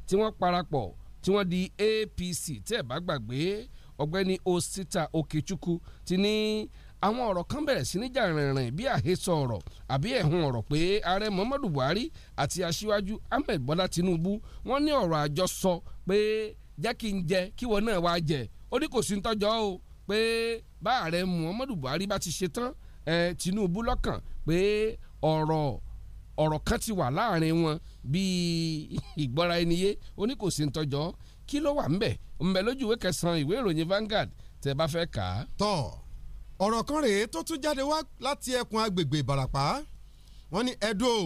tí wọ́n parapọ̀ tí wọ́n di APC tí ẹ̀ bá gbàgbé ọ̀gbẹ́ni Osita Okechukwu ti ní àwọn ọ̀rọ̀ kan bẹ̀rẹ̀ sí níjà rìnrìn bí àhesọ ọ̀rọ̀ àbí ẹ̀hún ọ̀rọ̀ pé ààrẹ Muhammadu Buhari àti aṣíwájú Ahmed Bọ́lá Tinubu wọ́n ní ọ̀rọ̀ àjọsọ pé jẹ́ kí n jẹ kí wọn náà wá jẹ ó ní kò sí ń tọ́jọ́ o pé bá ààrẹ Muhammadu Buhari bá ti ṣe tán eh, Tinubu lọ́kàn pé ọ̀rọ̀ ọ̀rọ̀ kan ti wà láàrin wọn bíi ìgbọ́ra ẹni yé ó ní kò sí ń tọjọ́ kí ló wà ńbẹ̀ ńbẹ̀ lójú ìwé kẹsàn-án ìwé ìròyìn Vanguard tẹ́ bá fẹ́ kà á. tọ́ ọ̀rọ̀ kan rèé tó tún jáde wá láti ẹkùn agbègbè Ìbàràpá wọ́n ní ẹ̀dùn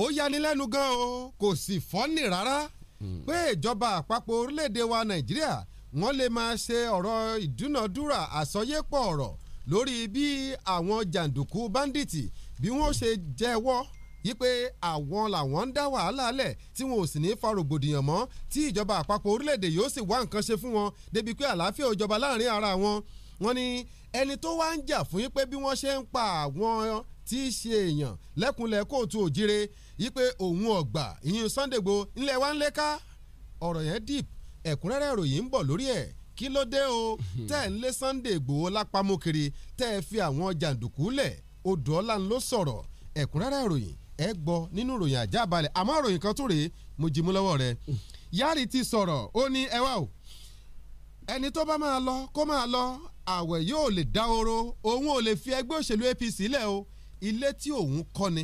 ó yanilẹ́nu gan o kò sì fọ́nì rárá hmm. pé ìjọba àpapọ̀ orílẹ̀-èdè wa Nàìjíríà wọ́n lè máa ṣe ọ̀rọ̀ ìdúnàdúrà àsọyépọ̀ ọ̀rọ̀ lórí bí àwọn jàǹdùkú báńdíìtì bí wọ́n ṣe jẹ́wọ́ yípe àwọn làwọn ń dá wàhálà lẹ̀ tí wọn ò sì ní fa rògbòdìyàn mọ́ tí ìjọba àpapọ̀ orílẹ̀-èdè yóò sì wá nǹkan ṣe fún wọn débi pé àlàáfíà ò jọba láàrin ara wọn wọn ni ẹni tó wá ń jà fún yín pé bí wọ́n ṣe ń pa àwọn tí í ṣe èèyàn lẹ́kùnlẹ̀ kóòtù òjire yípe òun ọ̀gbà ìyìn Sunday Igboho ńlẹ̀ wá ń lẹ́ka ọ̀rọ̀ yẹn deep ẹ̀kúnrẹ́rẹ́ ìròyìn ń bọ̀ lórí ẹ̀ kí ló dé o tẹ́ ẹ̀ ń lé Sunday lápamọ́ kiri tẹ́ ẹ fi àwọn jàǹdùkú lẹ̀ odò ọ̀la ń lọ sọ̀rọ̀ ẹ̀kúnrẹ́rẹ́ ìròyìn ẹ gbọ́ nínú ìròyìn àjábalẹ̀ àmọ́ ìròyìn kan tó rèé mo jí mú lọ́wọ́ rẹ Yari ti sọ̀rọ̀ ó ní ẹ wá o ẹni tó bá máa lọ kó máa lọ àwẹ̀ yóò lè dá oró òun ò lè fi ẹgbẹ́ òṣèlú APC lẹ̀ o ilé tí òun kọ́ ni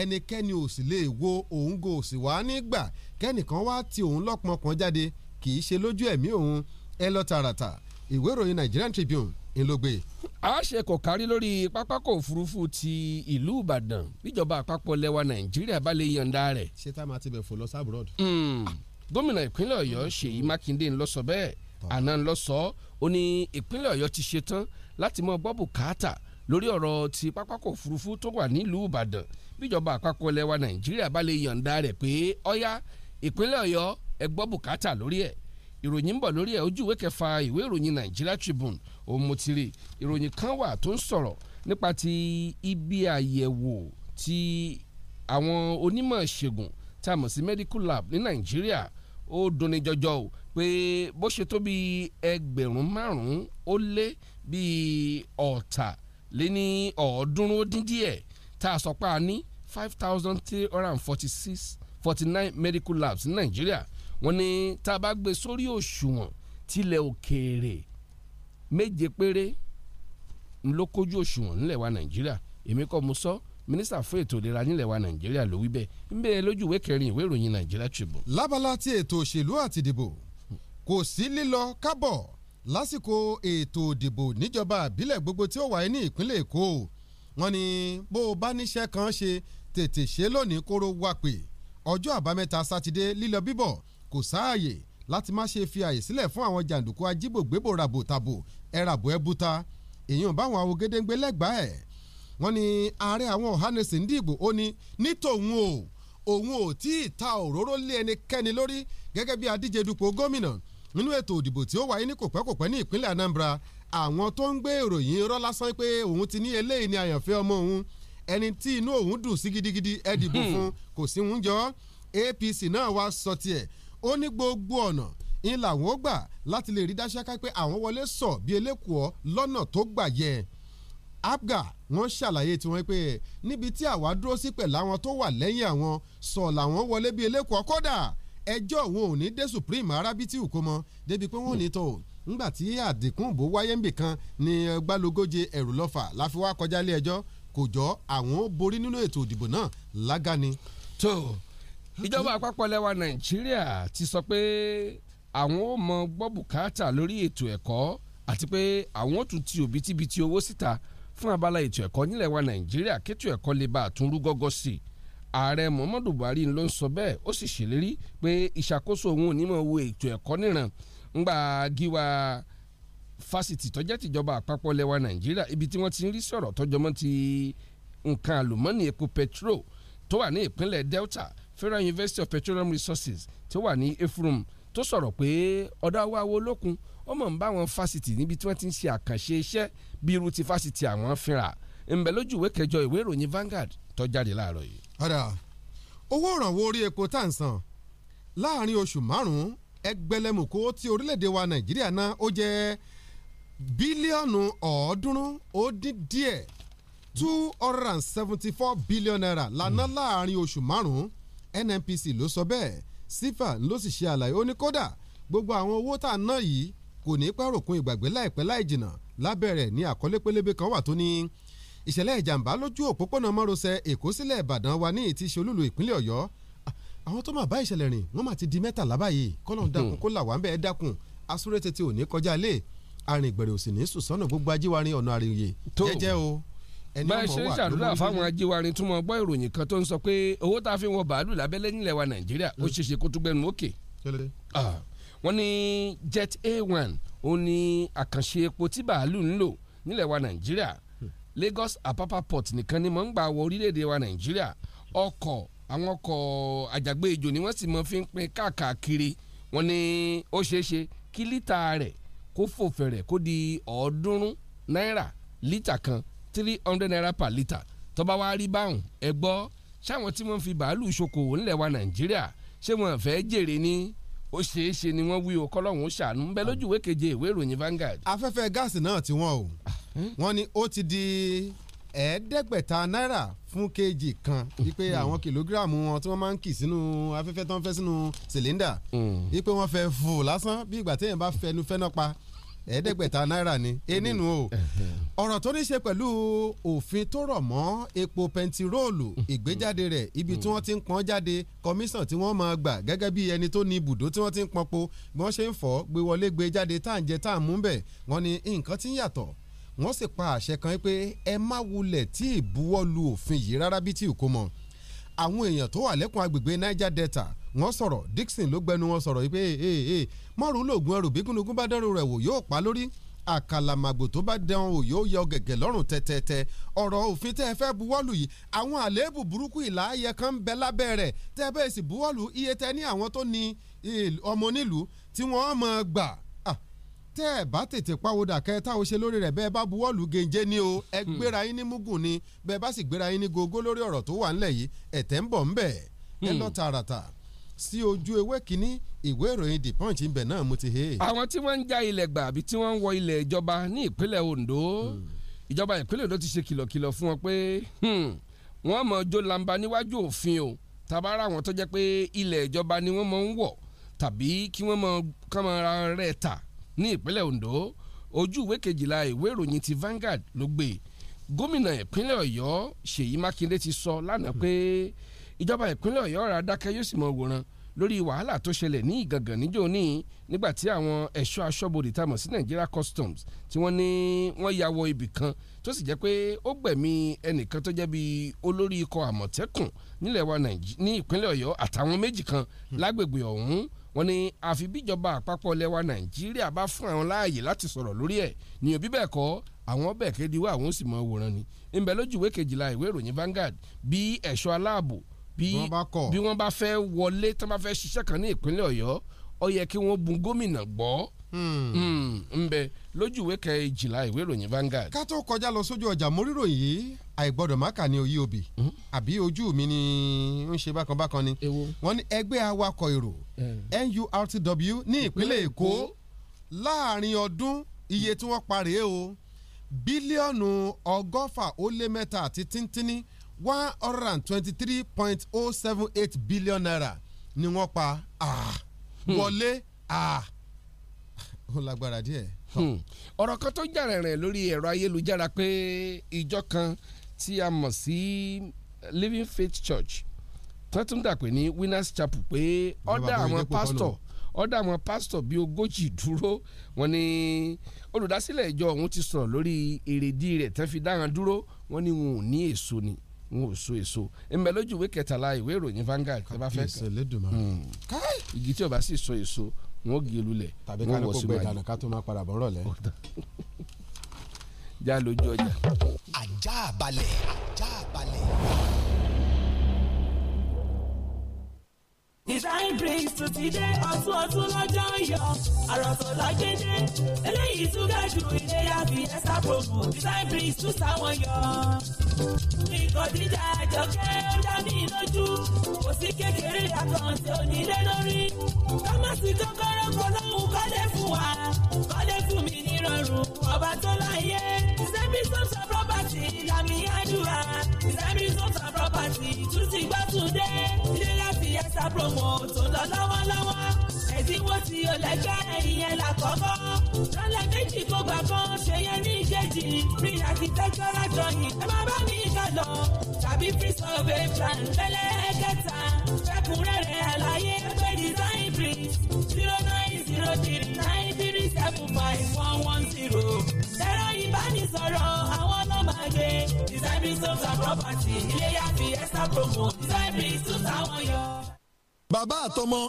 ẹnikẹ́ni ò sì lè wo òun go òsì wá nígbà kẹ́nìkan wá ti òun lọ́pọ̀n kan jáde kì í ṣe lójú ẹ̀mí òun ẹ lọ tààràtà ìwé ìròyìn Nigerian Tribune ńlọgbẹ. a ṣe kò kárí lórí pápákọ̀ òfurufú ti ìlú ìbàdàn bíjọba àpapọ̀ lẹwa nàìjíríà bá lè yọ̀ǹda rẹ̀. ṣé tá a máa ti bẹ̀ fò lọ sábúrọ̀d. Hmm. gómìnà ìpínlẹ̀ ọ̀yọ́ ṣèyí mákindé ń lọ sọ bẹ́ẹ̀ àná ń lọ sọ ọ́ ó ní ìpínlẹ̀ ọ̀yọ́ ti ṣe tán láti mọ gbọ́ bùkátà lórí ọ̀rọ̀ ti pápákọ̀ òfurufú tó wà nílùú ìbàdàn bíjọba àpapọ̀ lẹwa nàìjíríà bá lè yọ̀ǹda rẹ̀ pé ọ̀yá ìpínlẹ̀ ọ̀yọ́ ẹ gbọ́ bùkátà lórí ẹ̀ ìròyìn ń bọ̀ lórí ẹ̀ ojú ìwé kẹfà ìwé ìròyìn Nigeria Tribune òun mo ti rí ìròyìn kan wà tó ń sọ̀rọ̀ nípa ti ibi àyẹ̀wò ti àwọn onímọ̀ ṣègùn tá a mọ̀ sí medical lab ní Nàìjíríà ó dunni jọjọ o pé bó ṣe tó bí ẹgbẹ̀rún márùn-ún ó lé bí ọ̀tà lé ní ọ̀ọ́dúnrún dín díẹ̀ tá a sọ pé a ní five thousand three hundred and forty six forty nine medical labs ní Nigeria wọ́n ní tá a bá gbé sórí òṣùwọ̀n tilẹ̀ òkèèrè méje péré ló kójú òṣùwọ̀n nílẹ̀ wa nàìjíríà èmi kọ́ mo sọ mínísítà fún ètò ìlera nílẹ̀ wa nàìjíríà ló wí bẹ́ẹ̀ ń bẹ́ẹ̀ lójú ìwé kẹrin ìwé ìròyìn nàìjíríà Tribune. lábala ti ètò òṣèlú àti ìdìbò kò sí lílọ kábọ̀ lásìkò ètò ìdìbò níjọba àbílẹ̀ gbogbo tí ó wáyé ní ìpínlẹ̀ èkó wọ́n ní bó o bá níṣẹ́ kan ṣe tètè ṣe lónìí kóró wá ọjọ́ àbámẹ́ta sátidé lílọ bíbọ̀ kò sáàyè láti má ṣe fi àyè sílẹ̀ fún àwọn jàǹdùkú ajíbògbébò ràbò tàbò ẹ̀ràbò ẹ̀bùta èyàn báwọn awogedengbe lẹ́gbàá ẹ̀ wọ́n ní ààrẹ àwọn Ọ̀hánẹsì Ndigbo ó ní ní tòun o òun ò tí ì ta òróró lé ẹnikẹ́ni lórí gẹ́gẹ́ bí adíje dupò gómìnà nínú ètò òdìbò tí ó wáyé ní kòpẹ́kòpẹ́ ní ìpínlẹ̀ Anambra àwọn tó ń gbé ìròyìn irọ́ lásán pé òun ti ní eléyìí ni àyànfẹ́ ọmọ òun ẹni tí inú òun dùn sí gidigidi ẹ dìbò fún kò sí òun APC náà wá sọ tiẹ̀ ó ní gbogbo ọ̀nà ń làwọn ó gbà láti lè rí dáṣáká pé àwọn wọlé sọ bí elékùọ́ lọ́nà tó gbà yẹ apga wọ́n ṣàlàyé tiwọn pé níbi tí àwa dúró sí pẹ̀lú àwọn tó wà lẹ́yìn àwọn sọ làwọn wọlé bí elékùọ́ kódà ẹjọ́ òun ò ní dé supreme arábítì òkó mọ́ débi pé wọ́n ò ní tó o ńgbà tí àdínkù bó wáyé nbì kan ní gbàlógóje ẹ̀rù lọ́fà láfi wá kọjá ilé ẹjọ́ kò jọ àwọn ó borí nínú ètò ìdìbò náà lágani. tó ìjọba àpapọ̀ lẹwa nàìjíríà ti sọ pé àwọn ò mọ gbọ́ bùkátà lórí ètò ẹ̀kọ́ àti pé àwọn ò tún ti òbítíbitì owó síta fún abala ètò ẹ̀kọ́ nílẹ̀ wa nàìjíríà kétò ẹ̀kọ́ lè bá àtúnrú gọ́gọ́ sí i ààrẹ muhammadu buhari ló ń sọ bẹ́ẹ̀ ó sì ṣèlérí pé ìṣàkóso òun ò ní mọ̀ wo ètò ẹ̀kọ́ níran ńgbà gíwa fásitì tó jẹ́ tìjọba àpapọ̀ lẹwa nàìjíríà ibi tí wọ́n ti ń rí sọ̀rọ̀ tọ́jọ́mọ́ ti nǹkan àlùmọ́nì epo petro tó wà ní ìpínlẹ̀ delta Federal University of Petroleum Resources tí ó wà ní Efurum tó sọ̀rọ̀ pé ọ̀dọ́ àwa wo lókun ó mọ̀ ń bá àwọn fásitì níbi tí wọ́n ti ń ṣe àkànṣe iṣẹ́ bí irú ti fásitì àwọn fínra ńbẹ lójú ìwé kẹjọ ìwé ìròyìn Vanguard tó jáde láàárọ̀ yìí. ọ̀dà owó ìrànwọ́ orí epo tá à ń san láàrin oṣù márùn-ún ẹgbẹ̀lẹ́mùkó tí orílẹ̀-èdè wa Nàìjíríà ná ó jẹ́ bílíọ̀nù ọ̀ọ́dúnrún ó dín díẹ̀ two hundred and seventy four billion naira lana hmm. láàrin oṣù márùn-ún NNPC ló sọ bẹ́ẹ̀ sífà ló sì ṣe àlàyé ó ní kódà gbogbo àwọn owó tá a ná yìí kò ní pẹ́ ròkun ìgbàgbé láìpẹ́ láì jìnnà lábẹ́ rẹ̀ ní àkọlé pélébé kan wà tó ní ìṣẹ̀lẹ̀ ìjàmbá lójú òpópónà márosẹ̀ èkó sílẹ̀ ìbàdàn wa ní ìtì ìṣolúlu ìpínlẹ̀ ọ̀yọ́ àwọn tó máa bá ìṣẹ̀lẹ̀ rìn wọ́n máa ti di mẹ́tàlá báyìí kọ́lọ́n dákun kó là wá ń bẹ́ẹ̀ dákun asúré tètè kọjá lé arìngbẹ̀rẹ̀ òsì ní sùsọ́nà gbogbo ajíwárin ọ̀nà àríyè jẹ́jẹ́ o ẹni ọmọ wà lórí bá a ṣe ń ṣàdúrà fáwọn ajíwárin túmọ̀ gbọ́ ìròyìn kan tó ń sọ pé owó tá a fi wọn bàálù lábẹ́lẹ́ nílẹ̀ wa nàìjíríà ó hmm. ṣe ṣe kó tó gbẹnu òkè wọ́n ní jet a one ó ní àkànṣe epo tí bàálù ń lò nílẹ̀ wa nàìjíríà hmm. Lagos Apapa port nìkan ni mò ń gbà wọ orílẹ̀-èdè wa nàìjíríà ọkọ̀ àwọn ọkọ̀ àjàgbé ejò ni wọ́n sì mọ fi ń pín káàkiri wọ́n ní ó ṣeé ṣe kí lítà rẹ̀ kó fò kó di ọ̀ọ́dúnrún náírà lítà kan three hundred naira per litre tó bá wá rí báwọn ẹ gbọ́ ṣáwọn tí wọ́n fi bàálù ṣòkòwò ńlẹ̀ wa nàìjíríà ṣé wọ́n fẹ́ jèrè ni ó ṣeé ṣe ni wọ́n wí o kọ́lọ́hún ṣàánú ń bẹ lójú ìwé keje ìwé ìròyìn Vanguard. afẹ́fẹ́ gáàsì náà ti wọ́n o wọ́n ní ó ti di ẹ̀ẹ́dẹ́gbẹ̀ta náírà fún kejì kan hmm. wípé àwọn kìlógíráàmù wọn tí wọ́n máa ń kì sínú afẹ́fẹ́ tó ń fẹ́ sínú sìlẹ́ndà hmm. wípé wọ́n fẹ́ fò lásán bí ìgbà téèyàn bá fẹnu fẹ́ná pa ẹ̀ẹ́dẹ́gbẹ̀ta náírà ni e nínú o ọ̀rọ̀ tó ní ṣe pẹ̀lú òfin tó rọ̀ mọ́ epo pẹntiróòlù ìgbéjáde rẹ̀ ibi tí wọ́n ti ń pọ́n jáde kọmíṣàn tí wọ́n máa gbà gẹ́gẹ́ bí ẹni tó ní ibùdó tí wọ́n ti ń pọ́npo bí wọ́n ṣe ń fọ́ gbé wọlé gbé jáde tá à ń jẹ tá à ń mú bẹ̀ wọ́n ní nǹkan tí ń yàtọ̀ wọ́n sì pa àṣẹ kan pé ẹ má wulẹ̀ tí ìbuwọ́lu òfin yìí rárá bí tí ì kó mọ́ àwọn èèyàn tó wà lẹ́kùn agbègbè Niger Delta wọ́n sọ̀rọ̀ Dixon ló gbẹnu wọn sọ̀rọ̀ pé mọ́rù lògùn ẹrù bí gúnugún bá dẹ́rù rẹ̀ wò yóò pa lórí àkàlàmàgbò tó bá dẹun wò yóò yọ gẹ̀gẹ̀ lọ́rùn tẹ́tẹ́tẹ́ ọ̀rọ̀ òfin tẹ́ ẹ fẹ́ buwọ́lù yìí àwọn àléébù burúkú ìlàyẹ kan ń bẹ lábẹ́ rẹ̀ tẹ́ ẹ bẹ́ẹ̀ sì buwọ́lù iye tẹ́ ní àwọn tó ní eh, ọmọ onílùú tí wọ́n mọ̀ gbà ah, tẹ́ ẹ bá tètè pàwọ́dà kẹta ó ṣe lórí rẹ̀ bẹ́ẹ̀ bá buwọ́lù gèǹjẹ́ ni o ẹ hmm. gbéra yín ní mugun ni bẹ́ẹ̀ bá sì gbéra yín ní gógó lórí ọ̀rọ̀ tó wà ńlẹ̀ yìí ẹ̀tẹ́ ń bọ̀ ńbẹ̀ ẹ lọ hmm. tààràtà sí ojú ewé kínní ìwé ìròyìn the punch ibẹ̀ náà mo ti he. àwọn tí wọ́n ń ja ilẹ̀ gbà àbí tí wọ́n ń wọ ilẹ̀ ìjọba ní ìpínlẹ̀ Ondo hmm. ìjọba ìpínlẹ̀ Ondo ti ṣe kìlọ̀kìlọ̀ fún wọn pé hmm, wọ́n mọ̀ jó lamba níwájú òfin o tabara wọn tó jẹ́ pé ilẹ̀ ìjọba ni wọ́n mọ̀ ń wọ̀ tàbí kí wọ́n mọ̀ kọ́mọra rẹ̀ ta ní ìpínlẹ̀ Ondo ojú ìwé kejìlá ìwé ìròyìn ti Vanguard ló gbé gómìnà ìpínlẹ̀ Ọ̀yọ́ Ṣèyí Mákindé ti sọ lánàá hmm. pé. Hmm ìjọba ìpínlẹ̀ ọ̀yọ́ ra dákẹ́ yóò sì mọ wòran lórí wàhálà tó ṣẹlẹ̀ ní ìgangan níjó ní nígbà tí àwọn ẹ̀ṣọ́ aṣọ́bodè tá a mọ̀ sí Nigeria Customs tí wọ́n ní wọ́n ya wọ ibì kan tó sì jẹ́ pé ó gbẹ̀mí ẹnìkan tó jẹ́ bí olórí ikọ̀ àmọ̀tẹ́kùn nílẹ̀ wa ní ìpínlẹ̀ ọ̀yọ́ àtàwọn méjì kan lágbègbè ọ̀hún wọ́n ní àfi bíjọba àpapọ̀ lẹ́wà nàìjíríà bá fún àwọn láàyè láti sọ̀rọ̀ lórí ẹ̀ ní òbí bẹ́ẹ̀ kọ́ àwọn ọbẹ̀ kéde wá àwọn ó sì mọ wòran ni ńbẹ lójú ìwé kejìlá ìròyìn Vanguard bí ẹ̀ṣọ́ aláàbò bí bí wọ́n bá fẹ́ wọlé tí wọ́n bá fẹ́ ṣiṣẹ́ kan ní ìpínlẹ̀ ọ̀yọ́ ó yẹ kí wọ́n bun gómìnà gbọ́ hmm. hmm, ńbẹ lójú ìwé kẹjìlá ìwé ìròyìn Vanguard. ká tó kọjá lọ sójú ọjà mórírò yìí àìgbọ́dọ̀ má kà ní oyí obì hmm. àbí ojú mi ni ń ṣe bákan bákan ni wọ́n ní ẹgbẹ́ awakọ̀ èrò eh. NURTW ní ìpínlẹ̀ Èkó láàrin ọdún iye tí wọ́n parí o bílíọ̀nù ọgọ́fà ó lé mẹ́ta àti tíntínní one hundred and twenty-three point oh seven eight billion naira ni wọ́n pa hmm. wọlé ó lágbára díẹ̀. Hmm. ọ̀rọ̀ kan tó jà rẹ̀rẹ̀ lórí ẹ̀rọ ayélujára pé ìjọ kan tí a mọ̀ sí Living Faith Church tán tún dà pé ní Winners Chapel pé ọ̀dà àwọn pásítọ̀ ọ̀dà àwọn pásítọ̀ bíi ogójì dúró wọ́n ní olùdásílẹ̀ ìjọ ọ̀hún ti sọ̀rọ̀ lórí èrèdí rẹ̀ tán fi dáhàn dúró wọ́n ní wọn ò ní èso ni n ò so èso ẹnbẹ lójú ìwé kẹtàlá ìwé ìròyìn Vanguard ẹ bá fẹ́ kàn hmm. igi tí o bá sì so èso wọn ò gé e lulẹ̀ wọn wọ sínú àjò. tàbí ká máa padà bọ́ rọ̀lẹ́. já lójú ọjà. ajá balẹ̀ ajá balẹ̀. design drinks tó ti dé ọtún ọtún lọ́jọ́ ń yọ àròsọ lágbédé eléyìí tún ga jù ìlera fiesta promo design drinks tún sáwọn yọ. nǹkan jíjà àjọkẹ́ ó dá mi lójú kò sí kékeré àkàǹtì onílé lórí kámásì kọ́kọ́rọ́ polówó kọ́lé fún wa kọ́lé fún mi nírọ̀rùn ọba tó láyé sẹ́mi sọ́sọ́ property làmì àdúrà sẹ́mi sọ́sọ́ property tún ti gbọ́ tún dé ilé ẹ̀sà promo tó lọ lọ́wọ́lọ́wọ́ ẹ̀dínwó tí o lẹ́gbẹ́ ìyẹn lákọ̀ọ́kọ́ lọ́lẹ̀ méjì kó gbà kan ṣe yẹn ní ìkejì free architectural drawing ẹ má bá mi kà lọ tàbí free survey plan lẹ́lẹ́kẹta fẹ́kúnrẹ́rẹ́ àlàyé pé design bricks zero nine zero three nine three seven five one one zero ẹ̀rọ ìbánisọ̀rọ̀ àwọn ọlọ́màgbé design bricks homes and property ilé yá fi ẹ̀sà promo design bricks tún táwọn yọ bàbá àtọmọ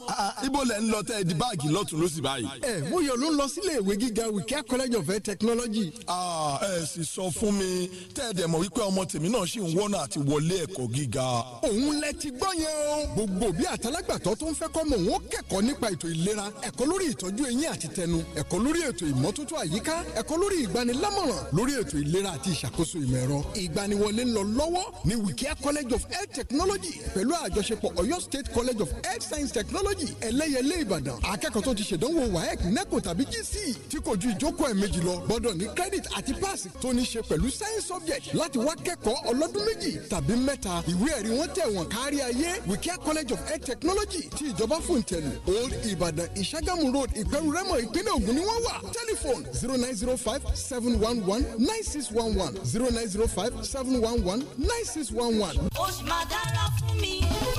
ibo lẹ ń lọ tẹ ẹ di báàgì lọ́tùn lósì báyìí. ẹ mo yọ ló ń lọ sílé ìwé gíga Wike college of technology. ẹ sì sọ fún mi tẹ́ ẹ dẹ̀ mọ̀ wípé ọmọ tèmi náà ṣì ń wọ́nà àti wọlé ẹ̀kọ́ gíga. òun lẹ ti gbọ́ yẹn o. gbogbo bí àtàlágbàtọ́ tó ń fẹ́ kọ́ mọ̀ òun ó kẹ́kọ̀ọ́ nípa ètò ìlera ẹ̀kọ́ lórí ìtọ́jú eyín àti tẹnu ẹ̀kọ́ lórí ètò ìmọ́tótó àyíká ẹ̀kọ́ lórí ìgbanilámọ̀ràn lórí ètò ìlera àti ìṣàkóso ìmọ̀ ẹ̀rọ ìgbaniwọlé ń lọ lọ́wọ́ college of health technology pẹ̀lú àjọṣepọ̀ Ọ̀yọ́ state college of health science technology ẹlẹ́yẹlé ìbàdàn akẹ́kọ̀ọ́ tó ti ṣèdánwò waec neco tàbí gc e, tí kò ju ìjókòó ẹ̀ méjì lọ gbọ́dọ̀ ní credit àti pass tó ní ṣe pẹ̀lú science subject láti wá kẹ́kọ̀ọ́ ọlọ́dún méjì tàbí mẹ́ta ìwé ẹ̀rí wọn tẹ̀ wọ́n kárí ayé wikẹ́ college of health technology ti ìjọba fòǹtẹ̀lù old ìbàdàn ìṣàgámù road ìpẹ̀rù rẹ́mọ̀ ìpínlẹ̀ ògùn ni wọ́n wà tẹlifóònù zero nine zero five seven one one nine six one one zero nine zero five seven one one nine six one one. ó sì dára fún mi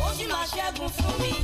ó sì ṣẹ́gun fún mi.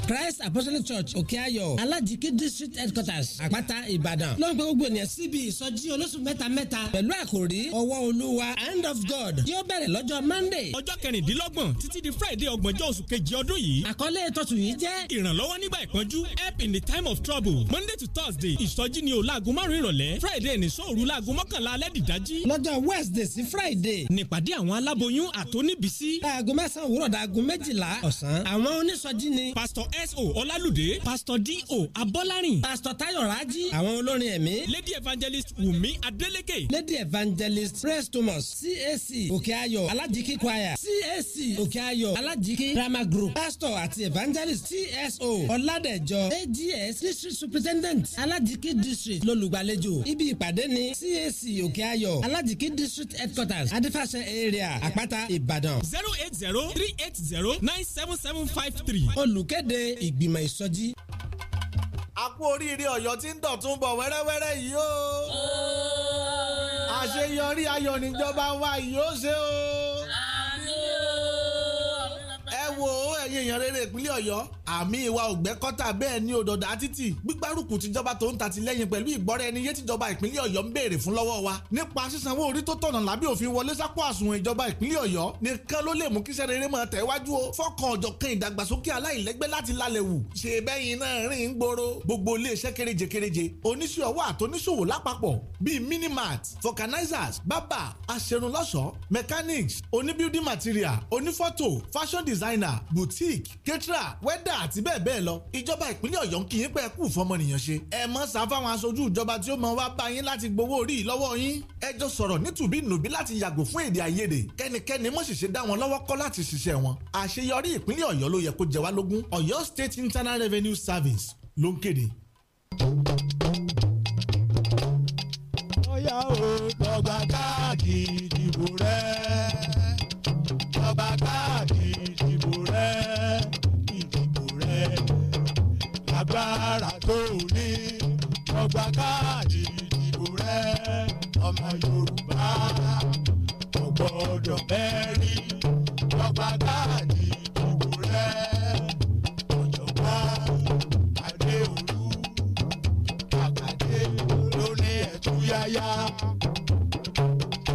christ apostolic church òkè ayọ̀ alajiki district headquarters àpáta ìbàdàn lọ́n pẹ́ gbogbo ènìyàn síbi ìsọjí olóṣù mẹ́ta mẹ́ta pẹ̀lú àkòrí ọwọ́ olúwa hand of god yóò bẹ̀rẹ̀ lọ́jọ́ monday. ọjọ́ kẹrìndínlọ́gbọ̀n títí di friday ọgbọ̀njọ́ oṣù kejì ọdún yìí. àkọlé tọ́tù yìí jẹ́ ìrànlọ́wọ́ nígbà ìpọ́njú help in the time of trouble monday to thursday ìsọjí ni o láago márùn ìrọ̀lẹ́ friday ní sóòru láago mọ́kànlá alẹ́ dìdájí. lọ́jọ́ wednesday sí friday. nípàdé àwọn aláboyún àtóníbísí. láago mẹ́sàn-án òwúrọ̀ dàgún méjìlá ọ̀sán. àwọn onísọjí ni. pastor so ọlálùdé pastor do abọ́lárìn pastor tayo raji àwọn olórin ẹ̀mí lady evangelist wumi adeleke lady evangelist praise thomas cac òkè ayọ̀ alájíkí choir cac òkè ayọ̀ alájíkí drama group pastor àti evangelist tso ọ̀làdẹ̀jọ ags district superintendent alájíkí district lólùgbàlejò ibi ìpàdé ní cac òkè ayọ̀ alájíkí district headquarters adifasẹ area àpáta ìbàdàn zero eight zero three eight zero nine seven seven five three olùkéde ìgbìmọ̀ ìsọjí. a kú oríire ọ̀yọ́ tí ń dọ̀tún bọ̀ wẹ́rẹ́wẹ́rẹ́ yìí o. àṣeyọrí ayọ̀ níjọba wa yìí ó ṣe o. ẹ wo ẹ̀yin èèyàn rere ìpínlẹ̀ ọ̀yọ́ àmì ìwà ògbẹ́kọ́tà bẹ́ẹ̀ ni òdòdà títì gbígbárùkù tìjọba tó ń tàtìlẹ́yìn pẹ̀lú ìgbọ́ra ẹni yé tìjọba ìpínlẹ̀ ọ̀yọ́ ń béèrè fún lọ́wọ́ wa nípa sísanwó orí tó tọ̀nà lábẹ́ òfin wọlé sápò àsùnwọ̀n ìjọba ìpínlẹ̀ ọ̀yọ́ nìkan ló lè mú kíṣẹ́ rere máa tẹ̀wájú o fọkàn ọ̀jọ̀kan ìdàgbàsókè aláìlẹ́gbẹ́ láti lálẹ́ wù ṣe bẹ́yìn náà rìn ń gbòòrò gbogbo iléeṣẹ́ kéréje kéréje oníṣẹ́ ọwọ́ àtọ́níṣòwò lápapọ̀ mechanics oní building material onífọ́tò fashion designer boutique caterer wẹ́dà àti bẹ́ẹ̀ bẹ́ẹ̀ lọ ìjọba ìpínlẹ̀ ọ̀yọ́ ń kí yín pé ẹ kú fọmọnìyàn ṣe ẹ mọ́ sá fáwọn aṣojú ìjọba tí ó mọ wá bá yín láti gbowó orí lọ́wọ́ yín ẹ jọ sọ̀rọ̀ nítùbí nùbí láti yàgò fún èdè àìyedè kẹ́nikẹ́ni mọ̀ ṣẹ̀ṣẹ̀ dá wọn lọ́wọ́ kọ́ láti ṣiṣẹ́ wọn àṣeyọrí ìpínlẹ̀ ọ̀yọ́ ló yẹ kó jẹ wá lógún ọ̀yọ́ state internal revenue service ló ń kéde. bóyá o lọ́gbà káàdì ìdìbò rẹ̀ lọ́gbà káàdì. agbára tó ní ọgbà káàdì ìdìbò rẹ ọmọ Yorùbá ọgbọ́dọ̀ bẹ́ẹ̀rí ọgbà káàdì ìdìbò rẹ ọ̀jọ̀gbọ́n Adéolú Àkàdé ló ní ẹ̀túyáyá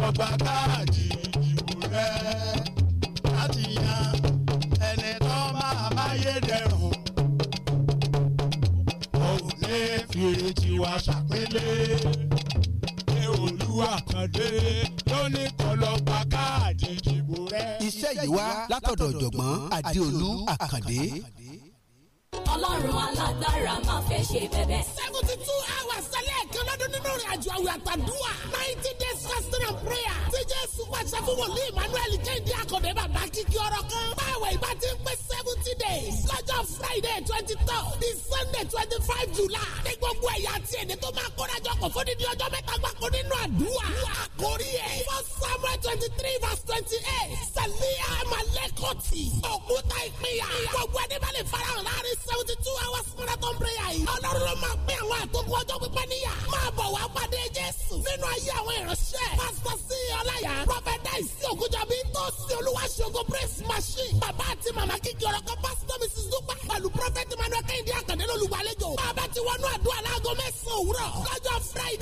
ọgbà káàdì ìdìbò rẹ láti yan. fi etí wa ṣàpínlé pé olúwa kan dé lónìí káàdì ìdìbò rẹ. iṣẹ́ yìí wá látọ̀dọ̀ ọ̀jọ̀gbọ́n adéolú àkàndé. ọlọ́run alágbára máa fẹ́ ṣe bẹ̀bẹ̀. seventy two hours sẹ́lẹ̀ kan lọ́dún nínú ìrìnàjò àwìn àtàdúrà ninety days fasting and prayer tí jésù pàṣẹ fún wòlíì emmanuel kéde akọ̀dé bàbá kíkí ọ̀rọ̀ kan báwo ìbá ti ń pé seventy days lọ́jọ́ friday twenty third di sunday twenty five july ní gbogbo ẹ̀yà àti èdè tó máa kórajọ kò fún dídí ọjọ́ mẹ́ta gbáko nínú àdúrà àkórí ẹ̀ first samuel twenty three verse twenty eight sàlíyà malekoti òkúta ìpínyà gbogbo ẹni bá lè farahàn láàrin seventy two hours marathon prayer yìí ọlọ́run ló máa pín àwọn àtòkù ọjọ́ pípẹ́ níyà máa bọ̀ wá pàdé jésù nínú ayé àwọn ìránṣẹ́ iṣẹ́. pásítọ̀ sí ọláyà. prọfẹ̀tà ìsí ògùjọbí tó sí olúwa ṣògo praise machine. bàbá àti màmá kíkì ọ̀rọ̀ kan pásítọ̀ mrs dupa. pẹ̀lú prọfẹ̀tì manuel kẹ́hìndé àkàndé lólùgbàlejò. bàbá ti wọnú àdúrà láago mẹ́sàn-án òwúrọ̀. lọ́jọ́ friday